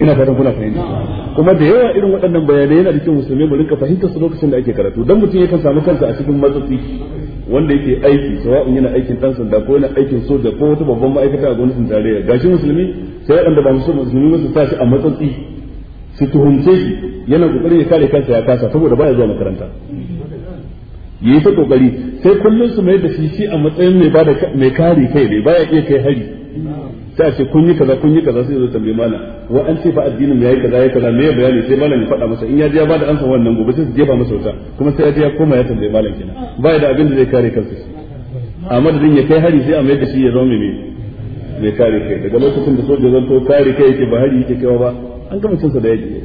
ina fatan kuna fahimta kuma da yawa irin waɗannan bayanai yana da cikin musulmi mu rinka fahimtar su lokacin da ake karatu dan mutum yakan samu kansa a cikin matsatsi wanda yake aiki sawa'un yana aikin dan sanda ko yana aikin soja ko wata babban ma'aikata a gwamnatin tarayya gashi musulmi sai waɗanda ba musulmi ba su sa shi a matsatsi su tuhumce shi yana kokari ya kare kansa ya kasa saboda baya zuwa makaranta yayi ta kokari sai kullun su mai da shi shi a matsayin mai bada mai kare kai ne baya iya kai hari sai a ce kun yi kaza kun yi kaza sai zo tambaye malam wa an ce fa addinin mai kaza yayi kaza me bayani sai malam ya faɗa masa in ya ji ya bada ansa wannan gobe sai su jefa masa wuta kuma sai ya ji ya koma ya tambaye malam kenan baya da abin da zai kare kansa a madadin ya kai hari sai a mai da shi ya zo mai mai kare kai daga lokacin da soja zan to kare kai yake ba hari yake kaiwa ba an gama cinsa da yaji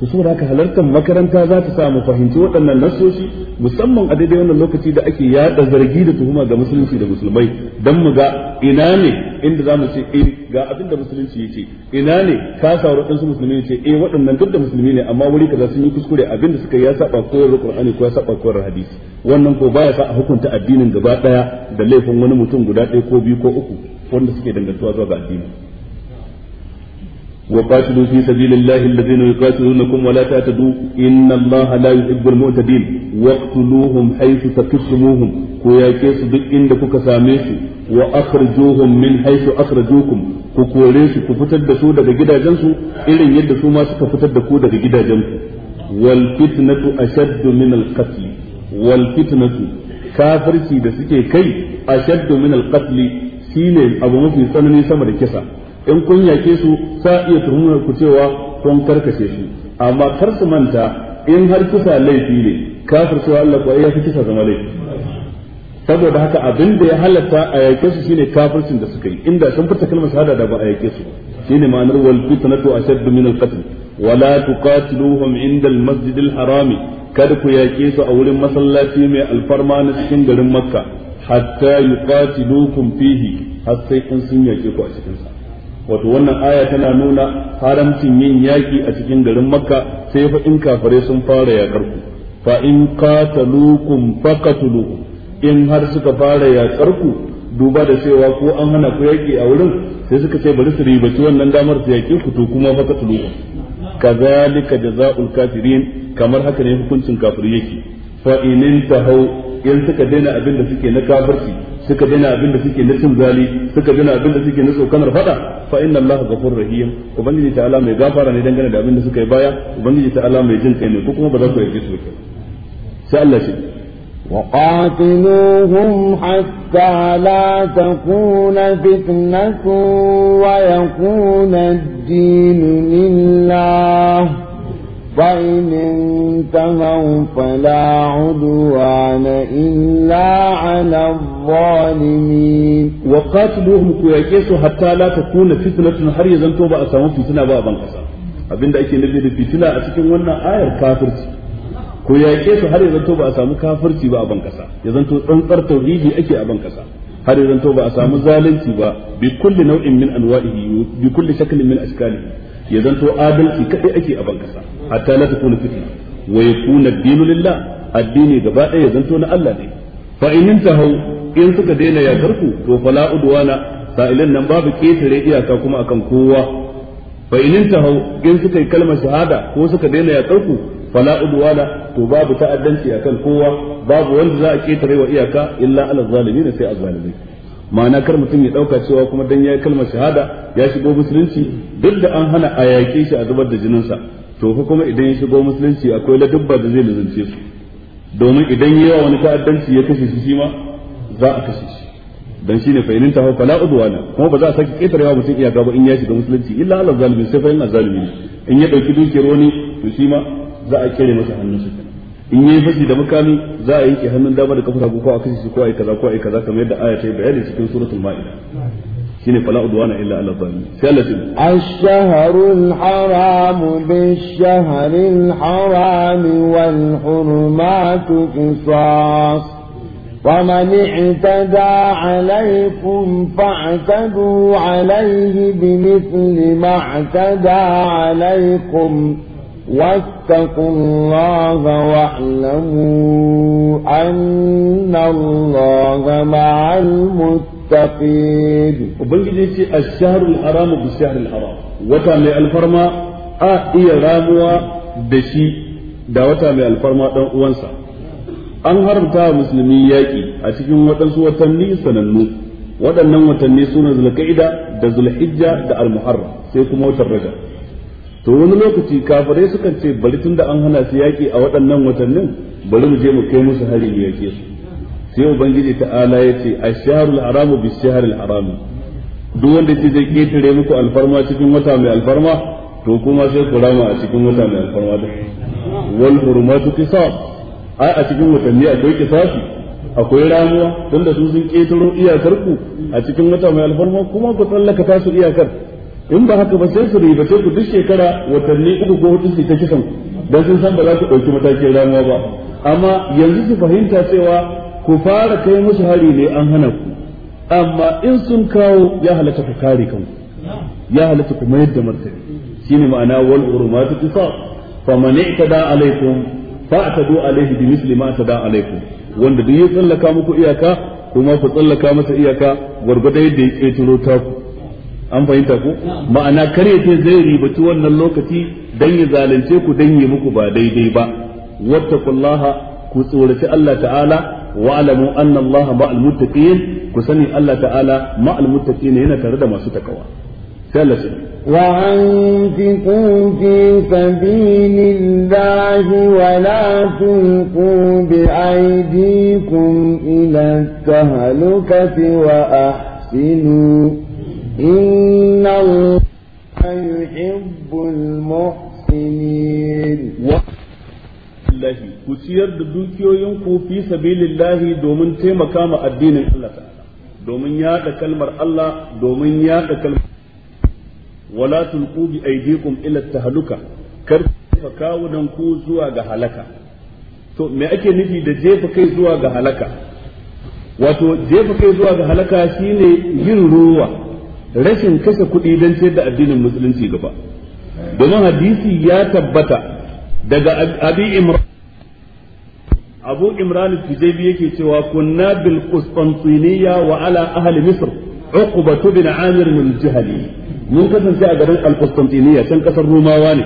to saboda haka halartar makaranta za ta samu mu fahimci waɗannan nasoshi musamman a daidai wannan lokaci da ake yaɗa zargi da tuhuma ga musulunci da musulmai dan mu ga ina ne inda za mu ce eh ga abin da musulunci ya ce ina ne ka sauri su musulmi ce eh waɗannan duk da musulmi ne amma wuri ka za su yi kuskure abin da suka ya saba koyar qur'ani ko ya saba koyar hadisi wannan ko baya sa a hukunta addinin gaba ɗaya da laifin wani mutum guda ɗaya ko biyu ko uku wanda suke dangantuwa zuwa ga addini وقاتلوا في سبيل الله الذين يقاتلونكم ولا تعتدوا إن الله لا يحب المعتدين واقتلوهم حيث تقسموهم وياكيس دك إن كساميسو وأخرجوهم من حيث أخرجوكم كوكوليسو كفتد سودة جدا جنسو إلي يد سوما سكفتد كودة جدا جنسو والفتنة أشد من القتل والفتنة كافرتي da suke kai ashaddu min alqatl shine abu mafi tsanani sama da kisa in kun yake su sa iya tuhumar ku cewa kun karkace su amma kar su manta in har kisa laifi ne kafir cewa Allah ko ya fi kisa zama laifi saboda haka abin da ya halatta a yake su shine kafircin da suka yi inda sun fita kalmar shahada da ba a yake su shine ma'anar wal fitnatu ashaddu min al qatl wala tuqatiluhum inda al masjid al haram kada ku yake su a wurin masallaci mai alfarma na cikin garin makka hatta yuqatilukum fihi har sai in sun yake ku a cikin sa wato wannan aya tana nuna haramcin yin yaki a cikin garin makka sai fa in kafare sun fara yakar ku fa in qatalukum faqatuluhum in har suka fara yakar ku duba da cewa ko an hana ku yaki a wurin sai suka ce bari su ribaci wannan damar su yaki ku to kuma faqatuluhum kazalika jazaa'ul kafirin kamar haka ne hukuncin kafiri yake fa in intahu in suka daina abin da suke na kafirci suka dena abin da suke na cin zali suka dena abin da suke na tsokanar fada fa inna Allah ghafurur rahim ubangiji ta'ala mai gafara ne dangane da abin da suka yi baya ubangiji ta'ala mai jin kai ne ko kuma ba za ku yarda su ba sai Allah shi وقاتلوهم حتى لا تكون فتنة ويكون الدين لله فإن انتهوا فلا عدوان إلا على الظالمين الظالمين وقاتلوهم كويكيسو حتى لا تكون فتنة har ya zanto ba a samu fitina ba a ban abinda ake nufi da fitina a cikin wannan ayar kafirci ko yaƙe su har ya ba a samu kafirci ba a ban kasa ya zanto tsantsar tauhidi ake a ban kasa har ya ba a samu zalunci ba bi kulli nau'in min anwa'ihi bi kulli shaklin min ashkalihi ya zanto adalci kadai ake a ban kasa hatta la takuna fitna wa yakuna ad-dinu lillah addini gaba ɗaya ya zanto na Allah ne fa in intahu in suka daina yakar ku to fala udwana sa'ilan nan babu ketare iyaka kuma akan kowa fa in hau in suka yi kalmar shahada ko suka daina yakar ku fala udwana to babu ta'addanci akan kowa babu wanda za a ketare wa iyaka illa ala zalimin sai azzalimai ma'ana kar mutum ya dauka cewa kuma dan yayi kalmar shahada ya shigo musulunci duk da an hana a yaƙe shi a zubar da jinin sa. to fa kuma idan ya shigo musulunci akwai ladabba da zai lizance su domin idan yawa wani ta'addanci ya kashe shi ma za a kashe shi dan shine fa inin tafa fala udwana kuma ba za a saki kitarewa mutum iyaka ba in ya shiga musulunci illa ala zalimin sai fa yana zalimi in ya dauki dukiyar wani to shi ma za a kire masa hannun hannunsa in yayi fashi da mukami za a yanke hannun dama da kafar hagu ko a kashe shi ko a yi kaza ko a yi kaza kamar yadda aya ta yi bayani cikin suratul ma'ida shine fala udwana illa ala zalimin sai Allah ce ash-shahrul haram bish-shahril haram wal hurmatu qisas ومن اعتدى عليكم فاعتدوا عليه بمثل ما اعتدى عليكم واتقوا الله واعلموا أن الله مع المتقين وبنجي الشهر الحرام بالشهر الحرام وتا مي الفرما آه إيه راموا بشي دا وتا مي الفرما دون an haramta wa musulmi yaƙi a cikin waɗansu watanni sanannu waɗannan watanni suna zulka'ida da zulhijja da almuharram sai kuma watan raja to wani lokaci kafirai suka ce bari tun da an hana su yaƙi a waɗannan watannin bari mu je mu kai musu hari mu yaƙe su sai ubangiji ta'ala ya ce asharul haramu bi shahril harami duk wanda ce zai ketare muku alfarma cikin wata mai alfarma to kuma sai ku rama a cikin wata mai alfarma wal hurmatu qisas ai a cikin watanni akwai kisafi akwai ramuwa tunda su sun ketaro iyakar ku a cikin wata mai alfarma kuma ku tsallaka tasu iyakar in ba haka ba sai su ribace ku duk shekara watanni uku ko hudu su ta kisan dan sun san ba za ku ɗauki matakin ramuwa ba amma yanzu su fahimta cewa ku fara kai musu hari ne an hana ku amma in sun kawo ya halatta ku kare kanku ya halatta ku mayar da martani shine ma'ana wal urumatu tisab faman i'tada alaikum fa atadu alaihi bi misli ma atada alaikum wanda duk ya tsallaka muku iyaka kuma ku tsallaka masa iyaka gwargwada yadda ya ketaro ta ku an fahimta ku ma'ana kar ya ce zai ribaci wannan lokaci dan ya zalunce ku dan muku ba daidai ba wattaqullaha ku tsoraci Allah ta'ala wa alamu anna Allah ma'al muttaqin ku sani Allah ta'ala ma'al muttaqin yana tare da masu takawa sai Allah وأنفقوا في سبيل الله ولا تلقوا بأيديكم إلى التهلكة وأحسنوا إن الله يحب المحسنين lahi ku ciyar da dukiyoyinku fi sabilillahi domin taimaka ma addinin Allah domin yaɗa kalmar Allah domin yaɗa kalmar wala tulqu bi aydikum ila tahluka kar fa kawunan ku zuwa ga to me ake nufi da jefa kai zuwa ga halaka wato jefa kai zuwa ga halaka shine yin ruwa rashin kashe kuɗi don ciyar da addinin musulunci gaba domin hadisi ya tabbata daga abi imran abu imran tijabi yake cewa kunna bil qustantiniya wa ala ahli misr uqbatu bin amir min jahali mun kasance a garin al-Qustantiniya can kasar Romawa ne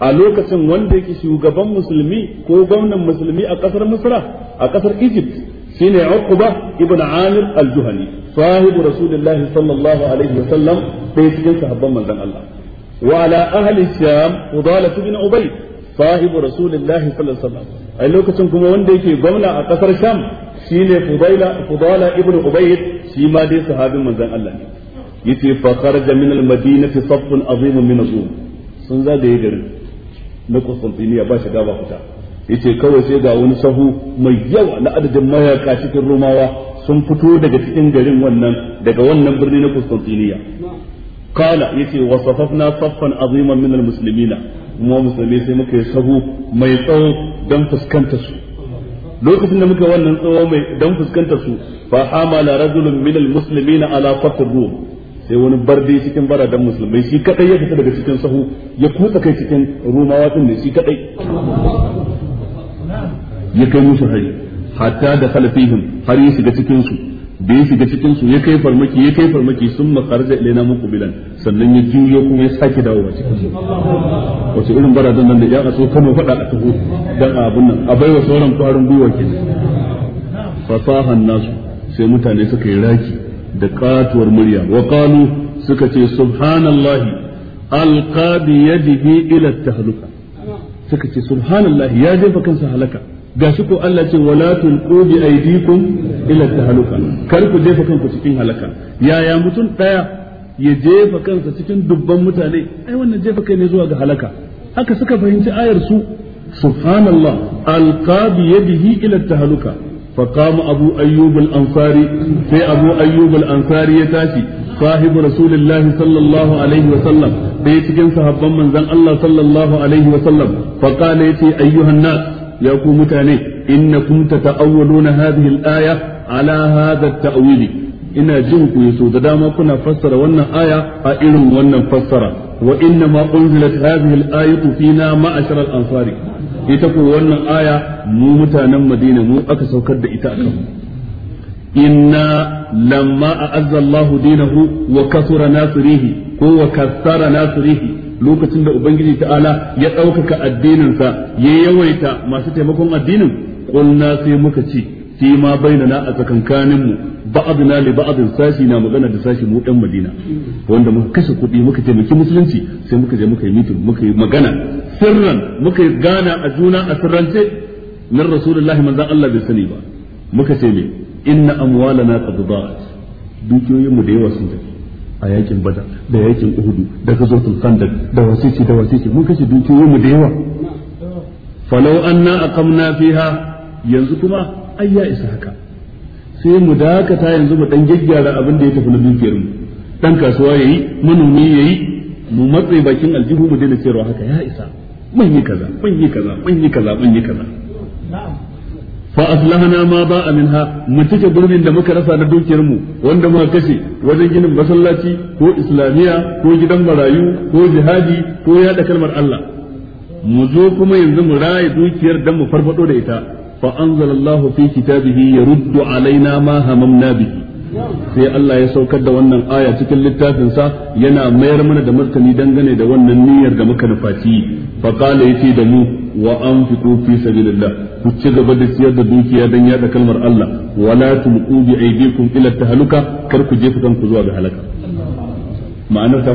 a lokacin wanda yake shugaban musulmi ko gwamnan musulmi a kasar Misra a kasar Egypt shine Uqba ibn Amir al-Juhani sahibu Rasulullahi sallallahu alaihi wa sallam sai cikin sahabban manzon Allah wa ala ahli Sham Fudalah ibn Ubay sahibu Rasulullahi sallallahu alaihi wa sallam a lokacin kuma wanda yake gwamna a kasar Sham shine Fudalah Fudalah ibn Ubayd shi ma dai sahabin manzon Allah ne yace fa kharaja min al-madinati saffun azimun min az sun zagaye garin na Constantinople ba shiga ba fita yace kawai sai ga wani sahu mai yawa na adadin mayaka cikin Romawa sun fito daga cikin garin wannan daga wannan birni na Constantinople kala yace wa safafna saffan aziman min al-muslimina mu musulmi sai muka yi sahu mai tsawo dan fuskantar su lokacin da muka wannan tsawo mai dan fuskantar su fa hamala rajulun min al-muslimina ala fatir rum sai wani barde cikin baradan musulmai shi kadai ya fita daga cikin sahu ya kutsa kai cikin rumawa tun ne shi kadai ya kai musu hari hatta da khalfihim har ya shiga cikin su da ya shiga cikin su ya kai farmaki ya kai farmaki sun makarja ilaina muqbilan sannan ya juyo kuma ya sake dawowa cikin su wace irin baradan nan da ya aso kano fada a taho dan abun nan a baiwa sauran kwarin gwiwa kenan fasahan nasu sai mutane suka yi raki da katuwar murya wa qalu suka ce subhanallahi alqa yadihi ila tahluka suka ce subhanallahi ya jefa kansa halaka gashi ko Allah ce wala tulqu bi aydikum ila tahluka kar ku jefa kanku cikin halaka yaya mutum daya ya jefa kansa cikin dubban mutane ai wannan jefa kai ne zuwa ga halaka haka suka fahimci ayar su subhanallah alqa yadihi ila tahluka فقام أبو أيوب الأنصاري في أبو أيوب الأنصاري يتاشي صاحب رسول الله صلى الله عليه وسلم بيتكن صحابا من زن الله صلى الله عليه وسلم فقال يتي أيها الناس يقوم تاني إنكم تتأولون هذه الآية على هذا التأويل ina jin ku yaso da dama kuna fassara wannan aya a irin wannan fassara wa inna ma unzilat hadhihi al-ayatu fina ma'ashara al-ansari ita ko wannan aya mu mutanen madina mu aka saukar da ita akan inna lamma a'azza Allahu dinahu wa kasura nasrihi ko wa kasara nasirihi lokacin da ubangiji ta'ala ya ɗaukaka addininsa ya yawaita masu taimakon addinin qulna sai muka ce fi ma bainana a tsakankanin mu ba'dna li ba'adin sashi na magana da sashi mu dan Madina wanda muka kashe kuɗi muka taimaki musulunci sai muka je muka yi mitin muka yi magana sirran muka yi gana a juna a sirrance nan rasulullahi manzon Allah bai sani ba muka ce me inna amwalana qad da'at dukiyoyin mu da yawa sun tafi a yakin badar da yakin uhudu da gazotul khandaq da wasici da wasici mun kashe dukiyoyin mu da yawa falau anna aqamna fiha yanzu kuma ai ya isa haka sai mu dakata yanzu mu dan gaggara abin da ya tafi na dukiyar mu dan kasuwa yayi manomi yayi mu matsayi bakin aljihu mu daina cewa haka ya isa mun yi kaza mun yi kaza mun yi kaza mun yi kaza fa aslahana ma ba'a minha mu cike gurbin da muka rasa na dukiyar mu wanda muka kashe wajen ginin masallaci ko islamiya ko gidan marayu ko jihadi ko yada kalmar Allah mu zo kuma yanzu mu raye dukiyar dan mu farfado da ita fa anzalallahu fi kitabihi yaruddu alaina ma hamamna bihi sai Allah ya saukar da wannan aya cikin littafinsa yana mayar mana da martani dangane da wannan niyyar da muka nufaci fa qala ce da mu wa anfiqu fi sabilillah ku ci gaba da siyar da dukiya dan yada kalmar Allah wala tulqu bi aydikum ila tahluka kar ku jefa kanku zuwa ga halaka Ma'ana ta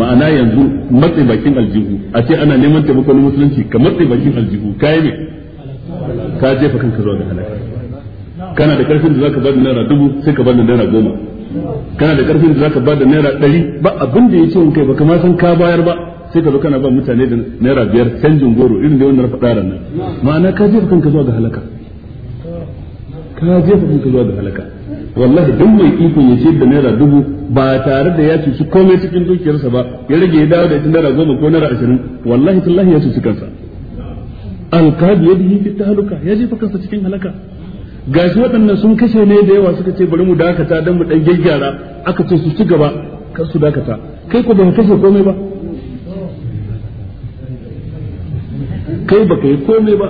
ma'ana yanzu matsayi bakin aljihu a ce ana neman taimakon musulunci ka matsayi bakin aljihu kai ne ka jefa kanka zuwa ga halaka kana da karfin da zaka bada naira dubu sai ka bada naira goma kana da karfin da zaka bada naira ɗari ba abin da ya ce kai ba kamar san ka bayar ba sai ka zo kana ba mutane da naira biyar canjin goro irin da wannan faɗa ran nan ma'ana ka jefa kanka zuwa ga halaka ka jefa kanka zuwa ga halaka wallahi duk mai ikon ya ce da naira dubu ba tare da ya cuci komai cikin dukiyarsa ba ya rage ya dawo da ita naira goma ko naira ashirin wallahi tallahi ya cuci kansa alka biyadihi fita haluka ya jefa kansa cikin halaka gashi waɗannan sun kashe ne da yawa suka ce bari mu dakata don mu ɗan gyaggyara aka ce su ci gaba kar su dakata kai ko ba kashe komai ba kai baka yi komai ba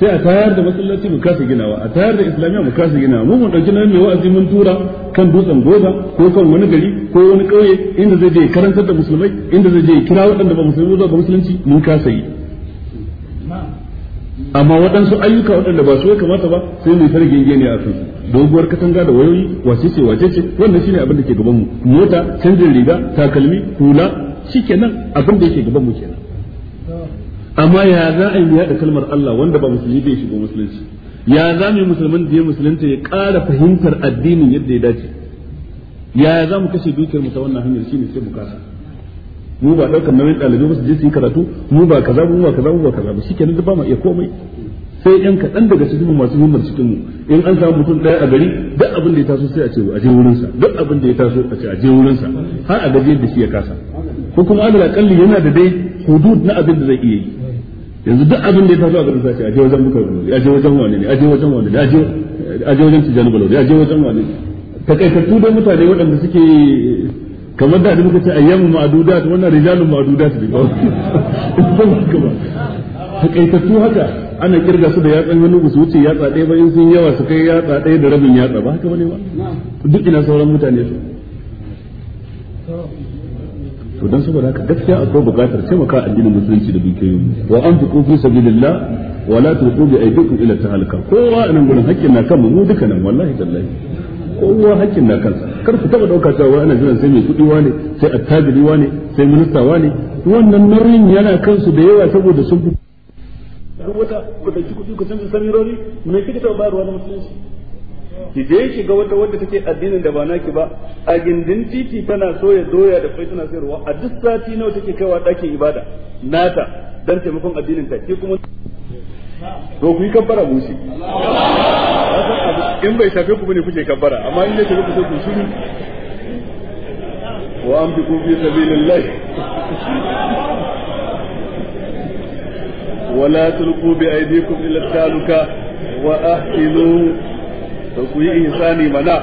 sai a tayar da masallaci mu kasa ginawa a tayar da islamiyya mu kasa ginawa mu mun dauki nan mai wa'azi mun tura kan dutsen goza ko kan wani gari ko wani ƙauye, inda zai je karantar da musulmai inda zai je kira waɗanda ba musulmi ba musulunci mun kasa yi amma waɗansu ayyuka waɗanda ba su ya kamata ba sai mu targe gene a kansu doguwar katanga da wayoyi wace ce wace ce wannan shine abin da ke gaban mu mota canjin riga takalmi hula shikenan abin da yake gaban mu kenan amma ya za a yi yaɗa kalmar Allah wanda ba musulmi bai shigo musulunci ya za mu musulman da ya musulunta ya ƙara fahimtar addinin yadda ya dace ya za mu kashe dukiyar mu ta wannan hanyar shine sai mu kasa mu ba daukar nauyin ɗalibai ba su je su yi karatu mu ba kaza mu ba kaza mu ba kaza ba shikenan duk ba mu iya komai sai ɗan kaɗan daga cikin masu himmar cikin mu in an samu mutum ɗaya a gari duk abin da ya taso sai a ce a je wurin sa duk abin da ya taso a ce a je wurin sa har a ga yadda shi ya kasa ko kuma adala kalli yana da dai hudud na abin da zai iya yi yanzu duk abin da ya taso a garin sa ce a je wajen muka bulu a je wajen wani ne a je wajen wani ne a je a je wajen tijjani bulu a je wajen wani ne takaitattu dai mutane waɗanda suke kamar da muka ce ayyamu ma'dudat wannan rijalun ma'dudat ne takaitattu haka ana kirga su da yatsan hannu su wuce yatsa ɗaya ba in sun yawa su kai yatsa ɗaya da rabin yatsa ba haka bane ba duk ina sauran mutane su to dan saboda haka gaskiya akwai buƙatar taimaka addinin musulunci da dukiyoyin wa anfiqu fi sabilillah wa la tulqu bi aydikum ila tahalaka kowa anan gurin hakkin na kanmu mu duka nan wallahi tallahi kowa hakkin na kansa kar ku taba dauka cewa ana jiran sai mai kudi wane sai attajiri wane sai minista wane wannan narin yana kansu da yawa saboda sun fi dan wata wata ki kudi ku canza samirori me kike bayarwa na musulunci ki je ki ga wata wadda take addinin da ba naki ba a gindin titi tana soya doya da kwai tana sayarwa a duk sati nawa take kaiwa dakin ibada nata dan taimakon addinin ta ke kuma to ku yi kabbara mu shi in bai shafe ku bane kuke kabbara amma in ya shafe ku sai ku shiru wa anfiqu fi sabilillah ولا wa بأيديكم إلى التهلكة وأحسنوا فكوي mana. inna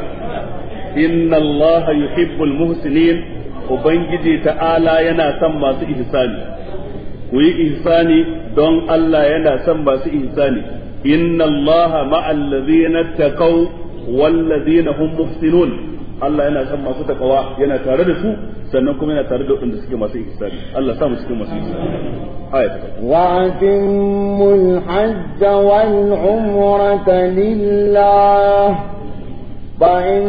إن الله يحب المحسنين وبنجي تعالى ينا سمى إحساني ku yi ihsani don Allah yana son masu ihsani inna Allah ma'al ladzina taqaw wal ladzina hum muhsinun Allah yana son masu takawa yana tare da su sannan kuma yana tare da waɗanda suke masu ihsani Allah sa mu cikin masu ihsani aya ta wa atimul hajj wal umrata lillah fa in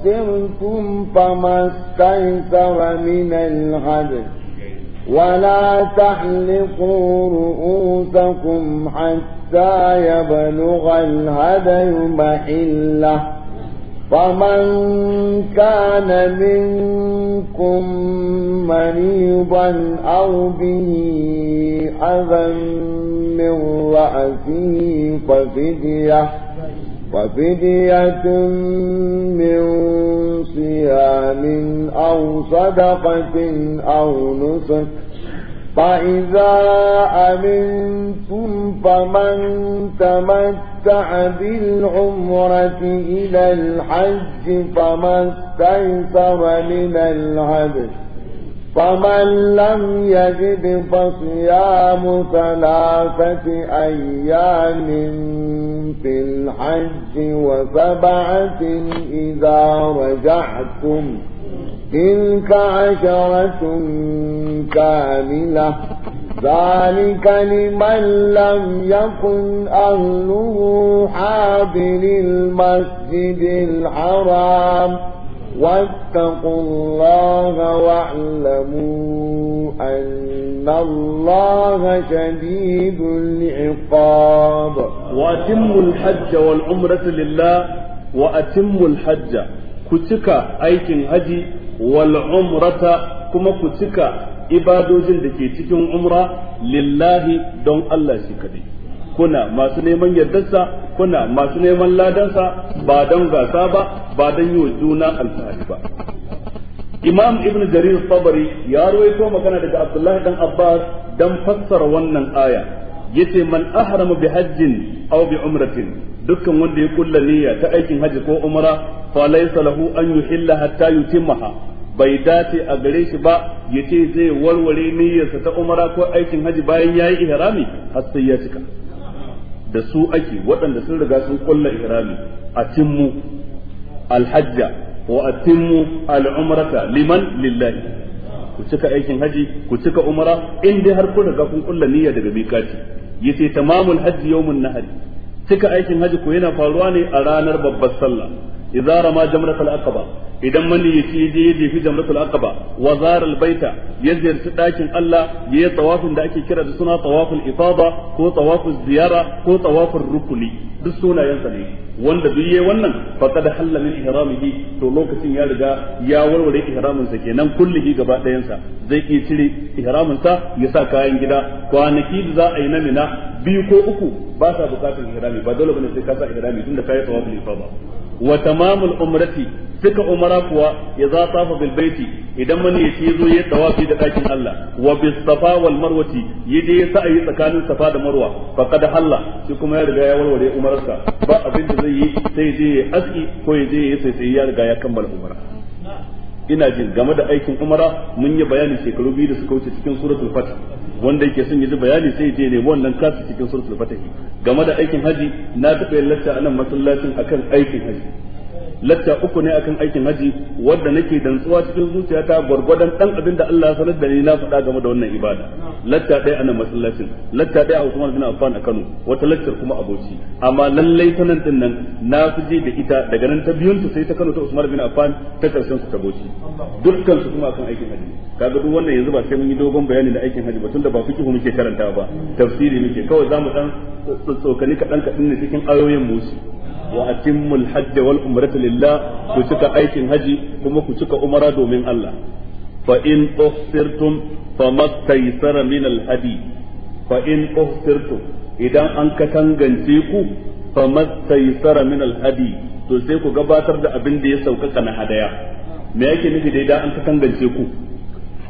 أحسنتم فما استيسر من الهدي ولا تحلقوا رؤوسكم حتى يبلغ الهدي محله فمن كان منكم مريضا أو به أذى من رأسه ففديه وفدية من صيام أو صدقة أو نسك فإذا أمنتم فمن تمتع بالعمرة إلى الحج فما استيسر من الهدي فمن لم يجد فصيام ثلاثة أيام في الحج وسبعة إذا رجعتم تلك عشرة كاملة ذلك لمن لم يكن أهله حاضر المسجد الحرام واتقوا الله واعلموا أن إن الله شديد العقاب وأتموا الحج والعمرة لله وأتموا الحج كتك أيكن هجي والعمرة كما كتك إبادوزن دكي تكون عمرة لله دون الله سكدي kuna masu neman yardarsa kuna masu neman ladansa ba don gasa ba ba don yi wa juna alfahari ba imam ibn jarir sabari ya ruwaito magana daga abdullah dan abbas dan fassara wannan aya yace man ahrama bi hajjin aw bi umratin dukkan wanda ya kulla niyya ta aikin haji ko umra fa laysa lahu an yuhilla hatta yutimmaha bai dace a gare shi ba yace zai warware niyyarsa ta umra ko aikin haji bayan yayi ihrami har sai ya cika da su ake waɗanda sun riga sun kulla ihrami a cimmu alhajja wa atimmu al liman lillahi ku cika aikin haji ku cika umara in dai har kun riga kun kulla niyya daga mikati yace tamamul hajji yawmun nahar cika aikin haji ku yana faruwa ne a ranar babbar sallah idza rama jamratul aqaba idan mani ya ci je ya jefi jamratul aqaba wa zara albayta ya ziyarci dakin Allah ya yi tawafin da ake kira da suna tawaful ifada ko tawaful ziyara ko tawaful rukuni duk sunayen sa ne wanda duk yayi wannan faqad halla min ihramihi to lokacin ya riga ya warware ihramin sa kenan kullihi gaba ɗayan sa zai iya cire ihramin sa ya sa kayan gida kwanaki da za a yi na mina biyu ko uku ba sa bukatar ihrami ba dole bane sai ka sa ihrami tunda kai tawaful ifada wa tamamul umrati duka umara kuwa ya za tafa bil baiti idan mani yace zo ya tawafi da dakin Allah wa bis safa wal marwati yaje ya sa'ayi tsakanin safa da marwa faqad halla shi kuma ya riga ya warware umararsa ba abin zai yi sai je ya aski ko ya je ya sai sai ya riga ya kammala umara ina jin game da aikin umara mun yi bayani shekaru biyu da suka wuce cikin suratul fatih wanda yake son ya bayani sai je ne wannan kasu cikin suratul fatih game da aikin haji na taɓa yin lacca a nan masallacin akan aikin haji latta uku ne akan aikin haji wanda nake dantsuwa cikin zuciyata gwargwadon dan abin da Allah ya sanar da ni na faɗa game da wannan ibada latta ɗaya ana masallacin latta ɗaya a Usman bin Affan a Kano wata lattar kuma aboci amma lallai sanan din nan na fi je da ita daga nan ta biyun ta sai ta Kano ta Usman bin Affan ta karshen su ta boci dukkan su kuma akan aikin haji kaga duk wannan yanzu ba sai mun yi dogon bayani da aikin haji ba tunda ba fiqhu muke karanta ba tafsiri muke kawai zamu dan tsokani kadan kadan ne cikin ayoyin musu wa atimmul hajj wal umrata lillah ku cika aikin haji kuma ku cika umara domin Allah fa in uhsirtum famastaysara min al hadi fa in idan an tangance ku famastaysara min al hadi to sai ku gabatar da abin da ya sauƙaƙa na hadaya me yake nufi da idan an tangance ku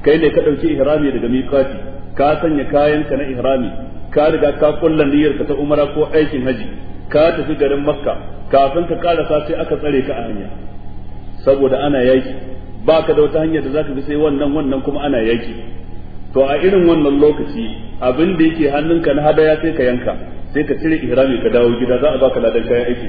kai ne ka ɗauki ihrami daga miƙati ka sanya kayanka na ihrami ka riga ka kulla niyyarka ta umara ko aikin haji ka tafi garin makka kafin ka karasa sai aka tsare ka a hanya saboda ana yaki ba ka da wata hanyar da za ka bi sai wannan wannan kuma ana yaki to a irin wannan lokaci abin da yake hannunka na hadaya sai ka yanka sai ka cire ihrami ka dawo gida za a baka ladan kayan aiki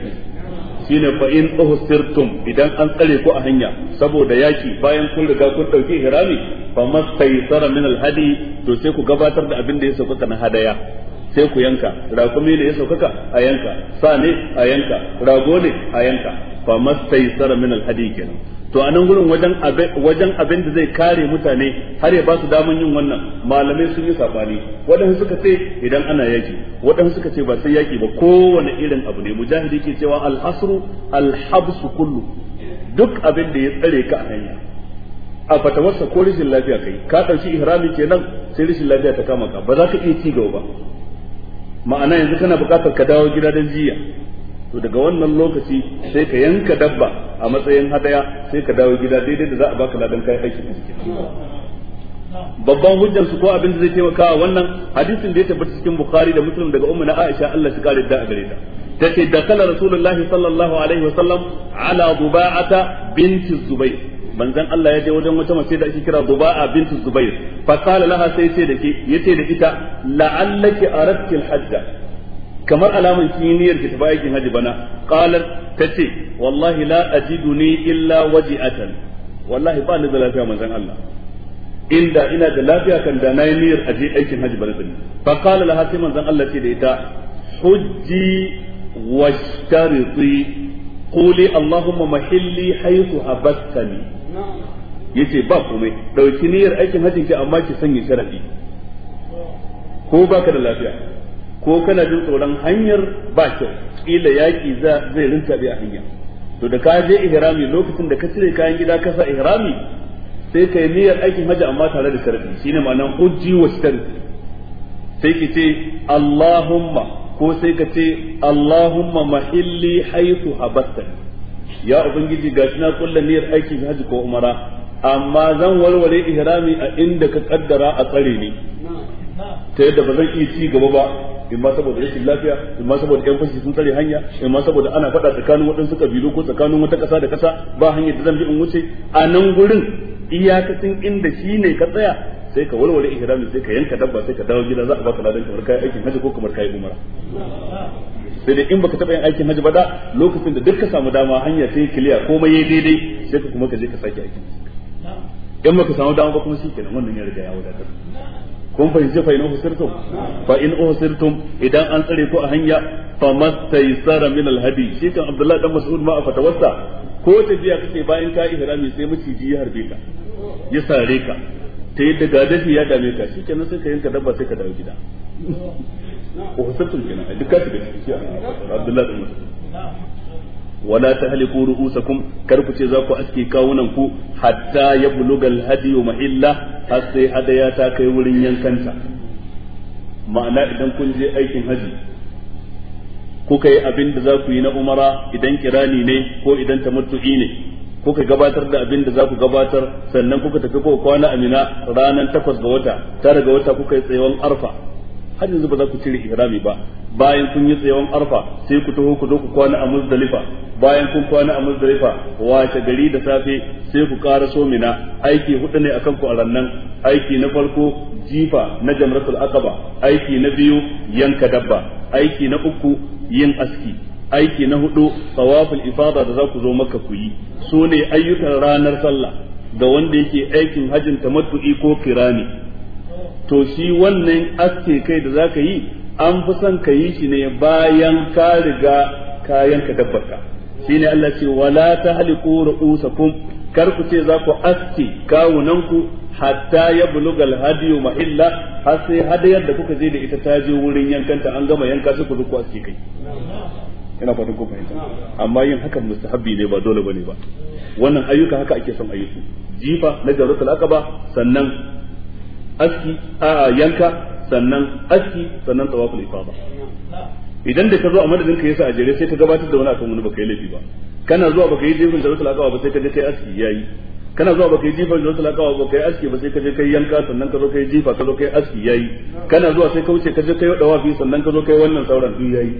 shine fa in uhsirtum idan an tsare ku a hanya saboda yaki bayan kun riga kun dauki ihrami fa mastaysara min alhadi to sai ku gabatar da abin da ya sauka na hadaya sai ku yanka rakumi ne ya saukaka a yanka sa ne a yanka rago ne a yanka fa tsara min alhadi kenan to a nan gurin wajen wajen abin da zai kare mutane har ya ba su daman yin wannan malamai sun yi sabani waɗansu suka ce idan ana yaki waɗansu suka ce ba sai yaki ba kowane irin abu ne mujahidi ke cewa alhasru alhabsu kullu duk abin da ya tsare ka a hanya a fatawarsa ko rashin lafiya kai ka ɗauki ihrami kenan sai rashin lafiya ta kama ka ba za ka iya ci gaba ba ma'ana yanzu kana buƙatar ka dawo gida don jiya to daga wannan lokaci sai ka yanka dabba a matsayin hadaya sai ka dawo gida daidai da za a baka ladan kai aiki babban hujjar su ko abin da zai taimaka a wannan hadisin da ya tabbata cikin bukhari da muslim daga ummu na aisha Allah shi kare da gare ta tace da kala rasulullahi sallallahu alaihi wasallam ala duba'ata binti zubair manzon Allah ya je wajen wata mace da ake kira Duba'a bintu Zubair fa qala laha sai ce da ke yace da ita la'allaki aradti al-hajj kamar alaman kin yi niyyar ki tafi aikin haji bana qalat tace wallahi la ajiduni illa waji'atan wallahi ba ni da lafiya manzon Allah inda ina da lafiya kan da nayi niyyar aje aikin haji bana din fa qala laha sai manzon Allah ce da ita hujji washtariti قولي اللهم محلي حيث حبستني yace ba komai dauki niyyar aikin hajjin ki amma ki sanya sharadi ko baka da lafiya ko kana jin tsoron hanyar ba kyau kila yaki za zai rinta bi a hanya to da ka je ihrami lokacin da ka cire kayan gida ka sa ihrami sai kai niyyar aikin hajji amma tare da sharadi shine ma'anar hujji wa sharadi sai ki ce Allahumma ko sai ka ce Allahumma mahilli haythu habattani ya ubangiji ga na kulla niyyar aikin haji ko umara amma zan warware ihrami a inda ka kaddara a tsare ni ta yadda ba zan iya ci gaba ba in ma saboda rashin lafiya in ma saboda yan fashi sun tsare hanya in ma saboda ana faɗa tsakanin waɗansu kabilu ko tsakanin wata ƙasa da ƙasa ba hanyar da zan bi in wuce a nan gurin iyakacin inda shi ne ka tsaya sai ka walwale ihrami sai ka yanka dabba sai ka dawo gida za a baka ladan kamar kai aikin haji ko kamar kai umara sai dai in baka taba yin aikin hajji ba da lokacin da duk ka samu dama hanya ta yi kiliya komai yayi daidai sai ka kuma ka je ka sake aikin in baka samu dama ba kuma shikenan wannan ya riga ya wadatar kun fahimci fa in usirtum fa in usirtum idan an tsare ku a hanya fa mastaysara min alhadi shi kan abdullah dan mas'ud ma a tawassa ko tafiya kace bayan ka ihrami sai maciji ya harbe ka ya sare ka ta yadda gadafi ya dame ka kenan sai ka yanka dabba sai ka dawo gida ko ta kenan a dukkan kum ru'usakum kar ku ce za ku aske kawunan ku hatta yabluga al-hadi mahilla har sai hadaya ta kai wurin yankanta ma'ana idan kun je aikin haji kuka yi abin da za ku yi na umara idan kirani ne ko idan ta tamattu'i ne kuka gabatar da abin da za ku gabatar sannan kuka tafi ko kwana amina ranar takwas ga wata tara ga wata kuka yi tsayawan arfa har yanzu ba za ku cire ihrami ba bayan kun yi tsayawan arfa sai ku taho ku zo ku kwana a muzdalifa bayan kun kwana a muzdalifa washe gari da safe sai ku ƙara so mina aiki hudu ne akan ku a rannan aiki na farko jifa na jamratul aqaba aiki na biyu yanka dabba aiki na uku yin aski aiki na hudu tawaful ifada da za ku zo maka ku yi su ne ayyukan ranar sallah ga wanda yake aikin hajjin tamattu'i ko kirani to shi wannan aske kai da za ka yi an fi son ka yi shi ne bayan ka riga kayan ka dabbarka shi ne Allah ce wala ta haliku ra'usakum kar ku ce za ku aske kawunanku hatta ya bulugal hadiyu mahilla har sai hadayar da kuka je da ita ta je wurin yankanta an gama yanka su ku zuku aske kai ina fatan ku fahimta amma yin hakan mustahabbi ne ba dole bane ba wannan ayyuka haka ake son ayyuka jifa na jarratul aqaba sannan aski a yanka sannan aski sannan tawaful ifada idan da ka zo a madadin ka yasa a jere sai ka gabatar da wani akan wani baka yi laifi ba kana zuwa baka yi jifin jarusul akawa ba sai ka je kai aski yayi kana zuwa baka yi jifa da wasu ba kai aski ba sai ka je kai yanka sannan ka zo kai jifa ka zo kai aski yayi kana zuwa sai ka wuce ka je kai dawafi biyu sannan ka zo kai wannan sauran duk yayi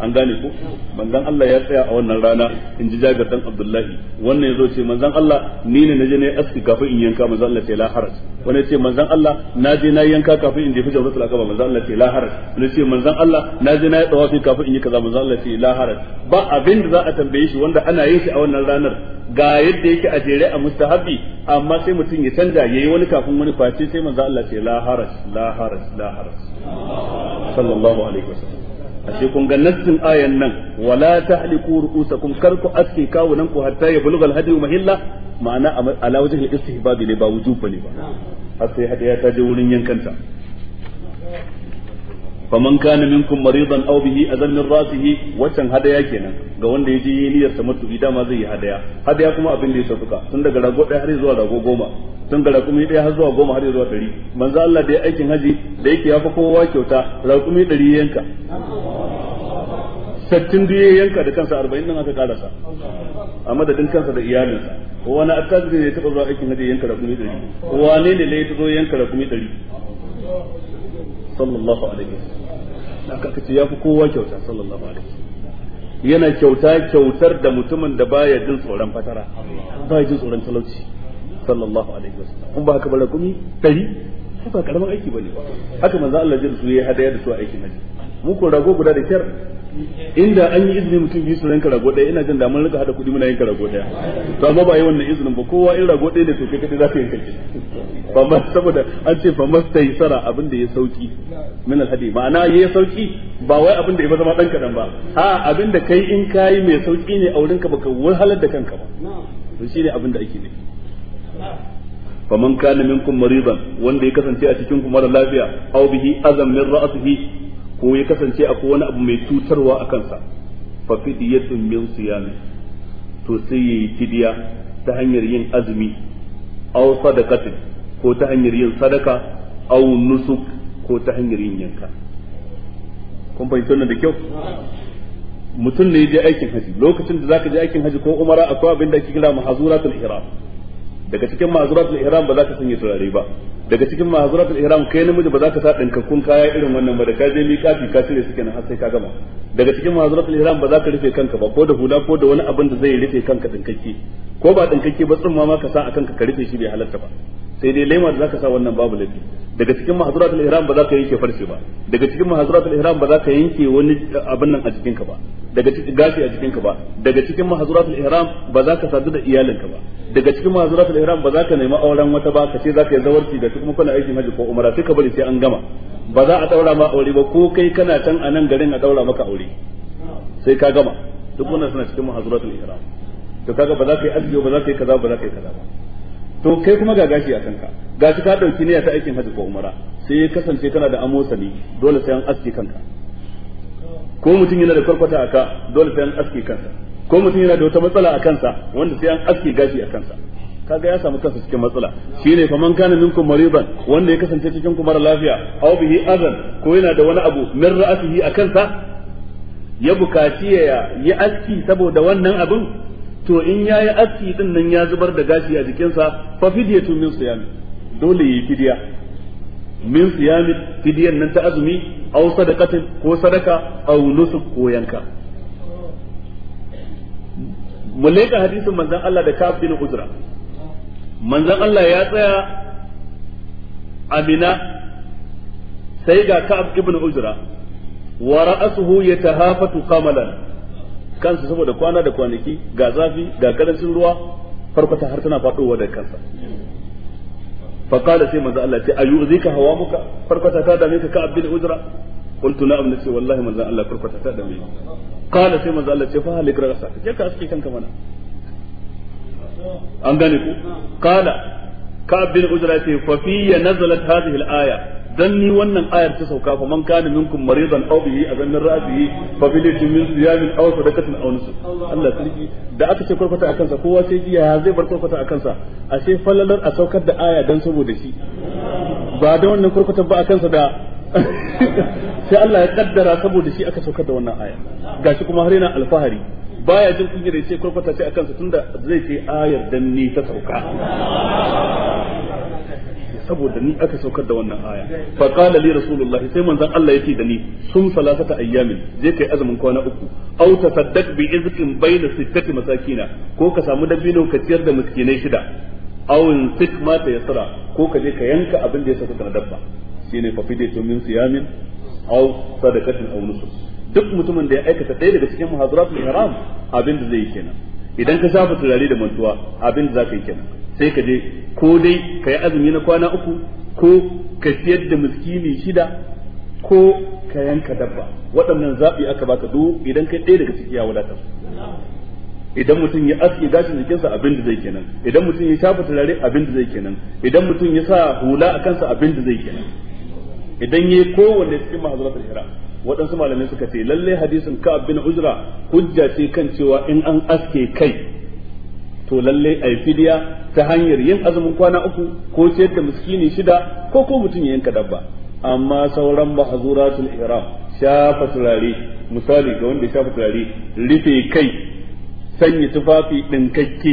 an gane ku manzon Allah ya tsaya a wannan rana in ji Jabir dan Abdullahi wannan yazo ce manzon Allah ni ne naje ne aski kafin in yanka manzon Allah ce la haraj wani ce manzon Allah na je na yanka kafin in jefi jawratul akaba manzon Allah ce la haraj wani ce manzon Allah na je na yi tawafi kafin in yi kaza manzon Allah ce la haraj ba abin da za a tambaye shi wanda ana yin shi a wannan ranar ga yadda yake a jere a mustahabi amma sai mutum ya canja yayi wani kafin wani face sai manzon Allah ce la haraj la haraj la haraj sallallahu alaihi wasallam ashe kun ga nassin ayan nan wala tahliku ru'usakum kar ku aske kawunan ku hatta ya bulugha alhadi hadi mahilla ma'ana ala wajhi istihbab ne ba wujub bane ba har sai hadiya ta je wurin yankanta faman kana minkum maridan aw bihi azan min rasihi waccan hadaya kenan ga wanda yaji yi niyyar sa mutu dama zai yi hadaya hadaya kuma abin da ya sauka tun daga rago ɗaya har zuwa rago goma tun daga raƙumi ɗaya har zuwa goma har zuwa 100 manzo Allah da ya aikin haji da yake ya fi kowa kyauta raƙumi ɗari yanka sattin duk ya yanka da kansa arba'in nan aka karasa a madadin kansa da iyalinsa wani attajiri ne ya taɓa zuwa aikin hajji yanka kumi ɗari wane ne ya taɓa yanka kumi ɗari sallallahu alaihi Na aka ce ya fi kowa kyauta sallallahu alaihi yana kyauta kyautar da mutumin da baya jin tsoron fatara baya jin tsoron talauci sallallahu alaihi wasallam kun ba haka bara kumi ɗari ba karamin aiki bane haka manzo Allah ya su ya hadaya da su aikin hajji mu ko rago guda da kyar inda an yi izini mutum biyu su yanka rago ɗaya ina jin damar rika hada kuɗi muna yanka rago ɗaya to amma ba yi wannan izinin ba kowa in rago ɗaya ne to kai kadai za ka yanka shi famma saboda an ce famma sai sara abin da ya sauki min alhadi ma'ana ya sauki ba wai abin da ya zama dan kadan ba ha abin da kai in kai mai sauki ne a wurinka baka wahalar da kanka ba to ne abin da ake ne faman كان منكم مريضا wanda ya kasance a cikin ku mara lafiya aw bihi azam min ra'sihi ko ya kasance akwai wani abu mai cutarwa a kansa fa fidiyatun min siyami to sai yayi fidiya ta hanyar yin azumi aw sadaqatin ko ta hanyar yin sadaka aw nusuk ko ta hanyar yin yanka kun fahimci nan da kyau mutum ne ya je aikin haji lokacin da zaka je aikin haji ko umara akwai abin da ake kira mahazuratul ihram daga cikin ma'azuratul ihram ba za ka sanya turare ba daga cikin ma'azuratul ihram kai namiji ba za ka sa dinkakkun kaya irin wannan ba da ka je miƙati ka cire su kenan har sai ka gama daga cikin ma'azuratul ihram ba za ka rufe kanka ba ko da hula ko da wani abin da zai rufe kanka dinkakke ko ba dinkakke ba tsumma ma ka sa akan ka rufe shi bai halatta ba sai dai laima da za ka sa wannan babu laifi daga cikin mahazuratul ihram ba za ka yanke farce ba daga cikin mahazuratul ihram ba za ka yanke wani abin nan a jikinka ba daga cikin gashi a jikinka ba daga cikin mahazuratul ihram ba za ka sadu da iyalinka ba daga cikin mahazuratul ihram ba za ka nemi auren wata ba ka ce za ka yi zawarci da kuma kana aikin haji ko umara sai ka bari sai an gama ba za a daura ma aure ba ko kai kana can a nan garin a daura maka aure sai ka gama duk wannan suna cikin mahazuratul ihram to kaga ba za ka yi azumi ba za ka yi kaza ba za ka yi kaza ba to kai kuma ga gashi a kanka gashi ka dauki niyya ta aikin haji ko umara sai ya kasance kana da amosani dole sai an aske kanka ko mutum yana da kwarkwata a ka dole sai an aske kansa ko mutum yana da wata matsala a kansa wanda sai an aske gashi a kansa kaga ya samu kansa cikin matsala shine fa man kana minkum mariban wanda ya kasance cikin ku mara lafiya aw bihi azan ko yana da wani abu min ra'atihi a kansa ya bukaci ya yi aski saboda wannan abin to in ya yi aski din nan ya zubar da gashi a jikinsa fa fidyatu min siyami dole yi fidiya min siyami fidiyan nan ta azumi aw sadaqatin ko sadaka aw nusuk ko yanka mu leka hadisin manzon Allah da Ka'ab bin Uzra manzon Allah ya tsaya Amina sai ga Ka'ab ibn Uzra wa ra'asuhu yatahafatu qamalan kansa saboda kwana da kwanaki ga zafi ga karancin ruwa farko ta har tana fadowa da kansa fa qala sai manzo Allah ce ayyuzika hawamuka farkwata ta dame ka ka abdul uzra qultu na'am nace wallahi manzo Allah farkwata ta dame ni qala sai manzo Allah ce fa halik rasa je ka aske kanka mana an ku ka ce fa nazalat hadhihi aya dan ni wannan ayar ta sauka fa man kana minkum maridan aw bihi azan ra'sihi fa bi lati min siyamin aw sadaqatin aw nusuk Allah sarki da aka ce kurfata akan sa kowa sai jiya zai bar kurfata akan sa a sai falalar a saukar da aya dan saboda shi ba da wannan kurfata ba akan sa da *laughs* sai Allah ya kaddara saboda shi aka saukar da wannan aya gashi kuma har yana alfahari baya jin kunya da ya ce kurfata ce akan sa tunda zai ce ayar dan ni ta sauka saboda ni aka saukar da wannan aya fa qala li rasulullahi sai manzon Allah yake da ni sun salasata ayyamin je kai azumin kwana uku aw tasaddaq bi izqin bayna sittati masakina ko ka samu dabino ka ciyar da miskinai shida aw in sik ma ta yasra ko ka je ka yanka abin da ya saka da dabba shine fa fidaytu min siyamin aw sadaqatin aw nusuk duk mutumin da ya aikata ɗaya daga cikin muhazaratul ihram abin da zai yi kenan idan ka shafa turare da mantuwa abin da za ka yi kenan sai ka je ko dai ka yi azumi na kwana uku ko ka siyar da miskini shida ko ka yanka dabba waɗannan zaɓi aka baka duk idan kai ɗaya daga ciki ya wadatar idan mutum ya aske gashin jikinsa abin da zai kenan idan mutum ya shafa turare abin da zai kenan idan mutum ya sa hula a kansa abin da zai kenan idan ya yi kowanne cikin mahazuratul hira waɗansu malamai suka ce lallai hadisin ka bin uzra hujja ce kan cewa in an aske kai to lalle ai fidiya ta hanyar yin azumin kwana uku ko ciyar da miskini shida ko ko mutum ya yanka dabba amma sauran mahzuratul ihram shafa turare misali ga wanda shafa turare rufe kai sanya tufafi dinkakke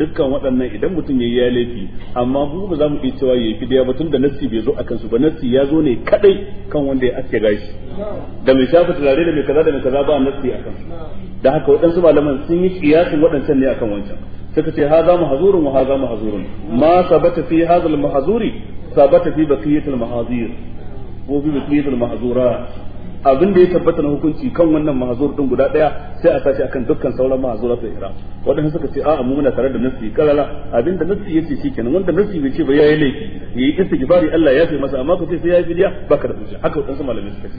dukkan waɗannan idan mutum ya yi ya laifi amma mu ba za mu iya cewa ya yi fidiya ba tunda nassi bai zo a kansu ba nassi ya zo ne kadai kan wanda ya ake gashi da mai shafa turare da mai kaza da mai kaza ba nassi a kansu da haka waɗansu malaman sun yi kiyasin waɗancan ne akan wancan suka ce haza mahzurun wa haza mahzurun ma sabata fi hadha al-mahzuri sabata fi baqiyatil mahazir ko fi baqiyatil mahzurat abin da ya tabbata na hukunci kan wannan mahazur din guda daya sai a tashi akan dukkan sauran ta ihram wadanda suka ce a'a mu muna tare da nasi kalala abin da nasi yace shikenan wanda nasi bai ce ba yayi laifi yayi istighfari Allah ya fi masa amma ko sai sai yayi fidiya baka da hujja haka wadansu malamai suka ce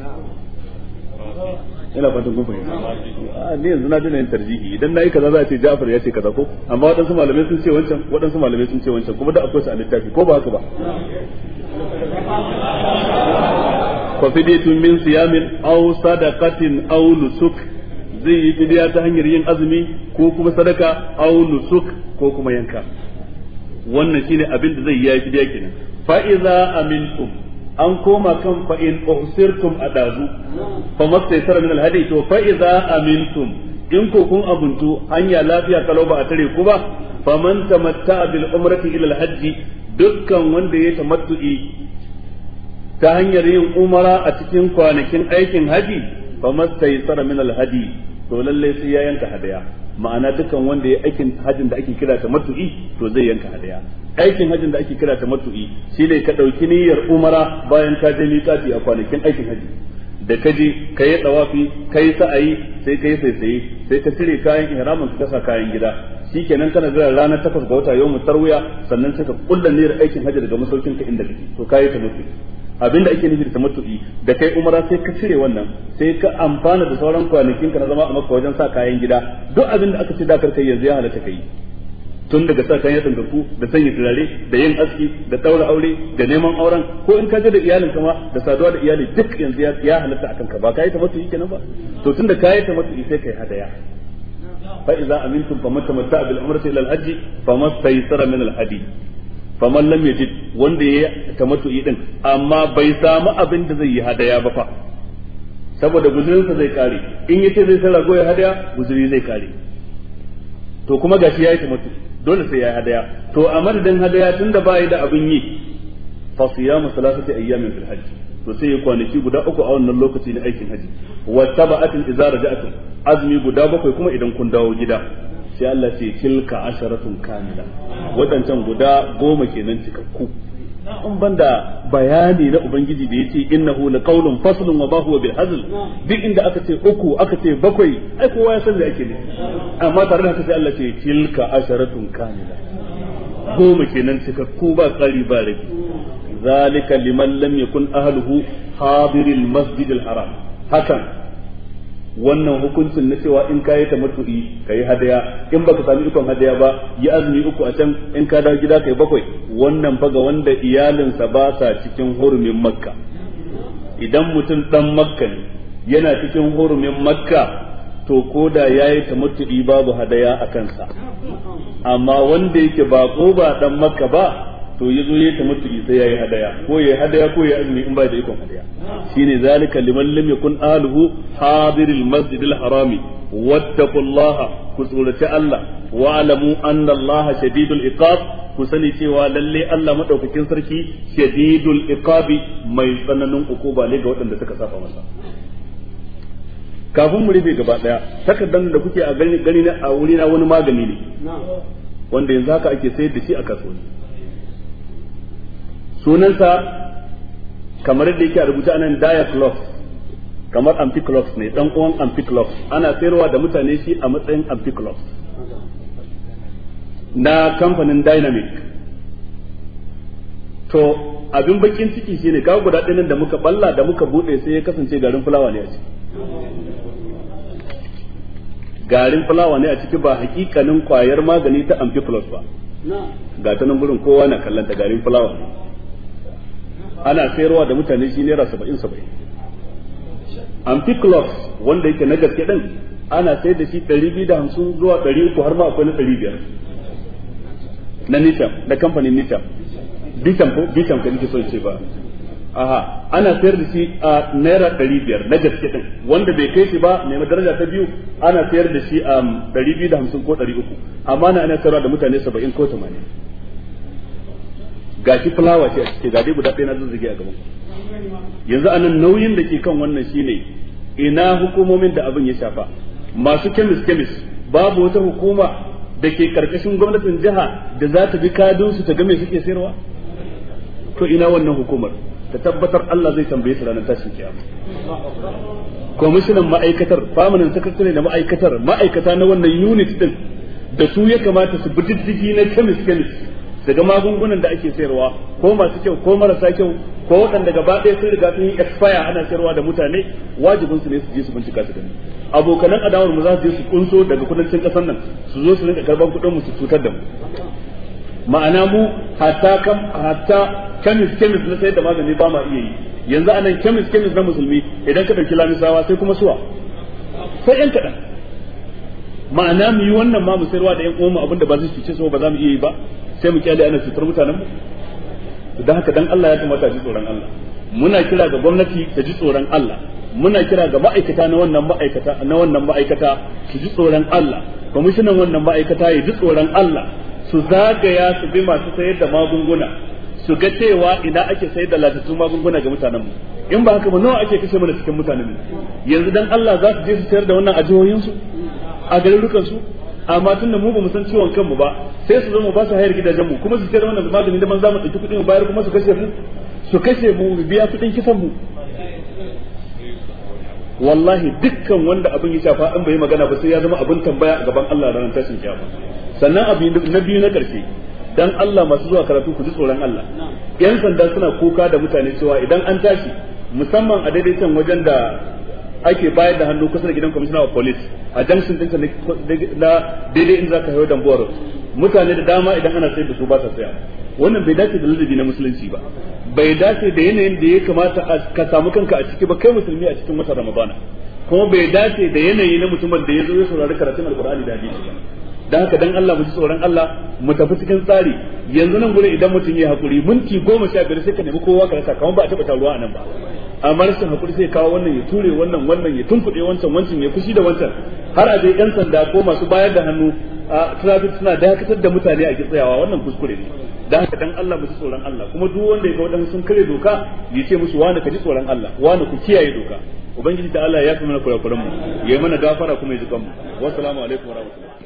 ina fatan kun fahimta ah, ni yanzu na dina yin tarjihi idan nayi kaza za a ce Ja'far ya ce kaza ko amma waɗansu malamai sun ce wancan waɗansu malamai sun ce wancan kuma da akwai su a littafi ko ba haka ba fa من min او صدقه sadaqatin نسك زي zai yi ta hanyar yin azumi ko kuma sadaka aw nusuk ko kuma yanka wannan shine abin da zai yi fidiya kenan fa iza amintum an koma kan fa in usirtum adazu fa mastaysara min alhadi to fa iza amintum in ko kun abuntu hanya lafiya kalau ba a tare ku ba faman tamatta bil umrati ila alhajji dukkan wanda ya tamattu ta hanyar yin umara a cikin kwanakin aikin haji fa mastaysara min alhadi to lalle sai ya yanka hadaya ma'ana dukan wanda ya aikin hajin da ake kira ta matu'i to zai yanka hadaya aikin hajin da ake kira ta matu'i shine ka dauki niyyar umara bayan ka je miƙati a kwanakin aikin haji da ka je ka yi tsawafi ka yi sa'ayi sai ka yi saisaye sai ka cire kayan ihramin ka kasa kayan gida shikenan kana jira ranar takwas ga wata yau mu tarwiya sannan sai ka kulla niyyar aikin hajji daga masaukin ka inda kake to kayi ta mutu abinda ake nufi da tamattu'i da kai umara sai ka cire wannan sai ka amfana da sauran kwanakin ka na zama a maka wajen sa kayan gida duk abinda aka ce dakar kai yanzu ya halatta kai tun daga sa kayan tsangaku da sanya turare da yin aski da daura aure da neman auren ko in ka je da iyalin ma da saduwa da iyali duk yanzu ya halatta akan ka ba kai tamattu'i kenan ba to tun da kai tamattu'i sai kai hadaya fa idza amintum famatamatta bil umrati ila al hajj famastaysara min al hadi faman lam yajid wanda ya tamattu'i din amma bai samu abin da zai yi hadaya ba fa saboda guzurinsa zai kare in yace zai sai rago ya hadaya guzuri zai kare to kuma gashi yayi tamattu'i dole sai yayi hadaya to a madadin hadaya tunda bai da abin yi fa siyamu salasati ayyamin fil hajj to sai ya kwanaki guda uku a wannan lokaci na aikin haji wa taba'atin idza raja'atum azmi guda bakwai kuma idan kun dawo gida sai Allah ce tilka asharatun kamila wadancan guda goma kenan cikakku in banda bayani na ubangiji da yace innahu laqawlun faslun wa bahu bil hazl duk inda aka ce uku aka ce bakwai ai kowa ya san da ake ne amma tare da haka sai Allah ce tilka asharatun kamila goma kenan cikakku ba tsari ba rabi zalika liman lam yakun ahluhu hadiril masjidil haram hakan wannan hukuncin na cewa in kayi ta matu'i yi hadaya in baka sami ikon hadaya ba yi azumi uku a can in ka dawo gida kai bakwai wannan fa ga wanda iyalinsa ba sa cikin hurumin makka idan mutum dan makka ne yana cikin hurumin makka to ko da yi ta matu'i babu hadaya a kansa amma wanda yake ba ko ba dan makka ba to ya zo ya tamattu'i sai yayi hadaya ko yi hadaya ko yayi azumi in ba da ikon hadaya shine zalika liman lam yakun ahluhu hadiril masjidil harami wattaqullaha ku tsorace Allah wa alamu anna Allah shadidul iqab ku sani cewa lalle Allah madaukakin sarki shadidul iqabi mai tsananin ukuba ne ga waɗanda suka saba masa kafin mu rufe gaba daya takardar da kuke a gani na a wuri na wani magani ne wanda yanzu haka ake sayar da shi a kasuwanci sunansa kamar da yake a rubuta anan diaclox kamar ampiclox ne dan uwan ampiclox ana sayarwa da mutane shi a matsayin ampiclox na kamfanin dynamic to abin bakin ciki shine ga guda dinin da muka balla da muka bude sai ya kasance garin fulawa ne a ciki garin fulawa ne a ciki ba hakikanin kwayar magani ta ampiclox ba ga ta kowa na kallon garin fulawa ana sayarwa da mutane shi naira saba'in saba'in ampiclox wanda yake na gaske din ana sayar da shi ɗari biyu da hamsin zuwa ɗari uku har ma akwai na ɗari biyar na nisham da kamfanin nisham bisham ko bisham ka nike son ce ba aha ana sayar da shi a naira ɗari biyar na gaske ɗin wanda bai kai shi ba mai daraja ta biyu ana sayar da shi a um, ɗari biyu da hamsin ko ɗari uku amma na ana sayarwa da mutane saba'in ko tamanin Ga shi fulawa ce a cike ga dai guda ɗaya na zazzage a gaban yanzu anan nauyin da ke kan wannan shine ina hukumomin da abin ya shafa masu kemis kemis babu wata hukuma da ke karkashin gwamnatin jiha da za ta bi kadin su ta game suke sayarwa to ina wannan hukumar ta tabbatar Allah zai tambaye su ranar tashin kiyama kwamishinan ma'aikatar famanin sakatare da ma'aikatar ma'aikata na wannan unit din da su ya kamata su bi diddigi na kemis kemis daga magungunan da ake sayarwa ko masu kyau ko marasa kyau ko waɗanda gaba ɗaya sun riga sun yi expire ana sayarwa da mutane wajibin su ne su je su bincika su gani abokanan adawar mu za su je su kunso daga kudancin ƙasar nan su zo su rinka karban kuɗin mu su cutar da mu ma'ana mu hatta kam hatta kemis kemis na sayar da magani ba ma iya yi yanzu anan kemis kemis na musulmi idan ka ɗauki lamisawa sai kuma suwa sai yan kaɗan ma'ana mu yi wannan ma mu sayarwa da yan uwanmu abinda ba zai cuce su ba za mu iya yi ba sai mu kyale ana cutar mutanen mu dan haka dan Allah ya kamata ji tsoron Allah muna kira ga gwamnati ta ji tsoron Allah muna kira ga ma'aikata na wannan ma'aikata na wannan ma'aikata su ji tsoron Allah kwamishinan wannan ma'aikata ya ji tsoron Allah su zagaya su bi masu sayar da magunguna su ga cewa ina ake sayar da latattun magunguna ga mutanen mu in ba haka ba nawa ake kashe mana cikin mutanen mu yanzu dan Allah za su je su sayar da wannan a jihohin su a garurukan su amma tunda mu ba san ciwon kanmu ba sai su zama ba su hayar gidajen mu kuma su ce mana magani da man zamu ɗauki kuɗin mu bayar kuma su kashe mu su kashe mu biya kuɗin kisan mu wallahi dukkan wanda abin ya shafa an bai magana ba sai ya zama abin tambaya a gaban Allah ranar tashin kiyama sannan abin na biyu na karshe dan Allah masu zuwa karatu ku ji tsoron Allah yan sanda suna kuka da mutane cewa idan an tashi musamman a daidai wajen da ake bayar da hannu kusa da gidan commissioner of police a junction din na daidai inda zaka hayo dambuwar mutane da dama idan ana sayar da su ba ta saya wannan bai dace da ladabi na musulunci ba bai dace da yanayin da ya kamata ka samu kanka a ciki ba kai musulmi a cikin watan ramadana kuma bai dace da yanayi na mutumin da ya zo ya saurari karatun alkur'ani da hadisi ba Da haka dan Allah mu ji tsoron Allah mu tafi cikin tsari yanzu nan gure idan mutum ya hakuri minti goma sha biyar sai ka nemi kowa ka rasa kamar ba a taba taruwa a nan ba amma rashin hakuri sai kawo wannan ya ture wannan wannan ya tunkuɗe wancan wancan ya kushi da wancan har a je yan sanda ko masu bayar da hannu a traffic suna dakatar da mutane a tsayawa wannan kuskure ne da haka dan Allah mu ji tsoron Allah kuma duk wanda ya ga wadannan sun kare doka ya ce musu wani ka ji tsoron Allah wani ku kiyaye doka ubangiji ta Allah ya fi mana kurakuran mu ya yi mana gafara kuma ya ji kanmu wassalamu alaikum warahmatullahi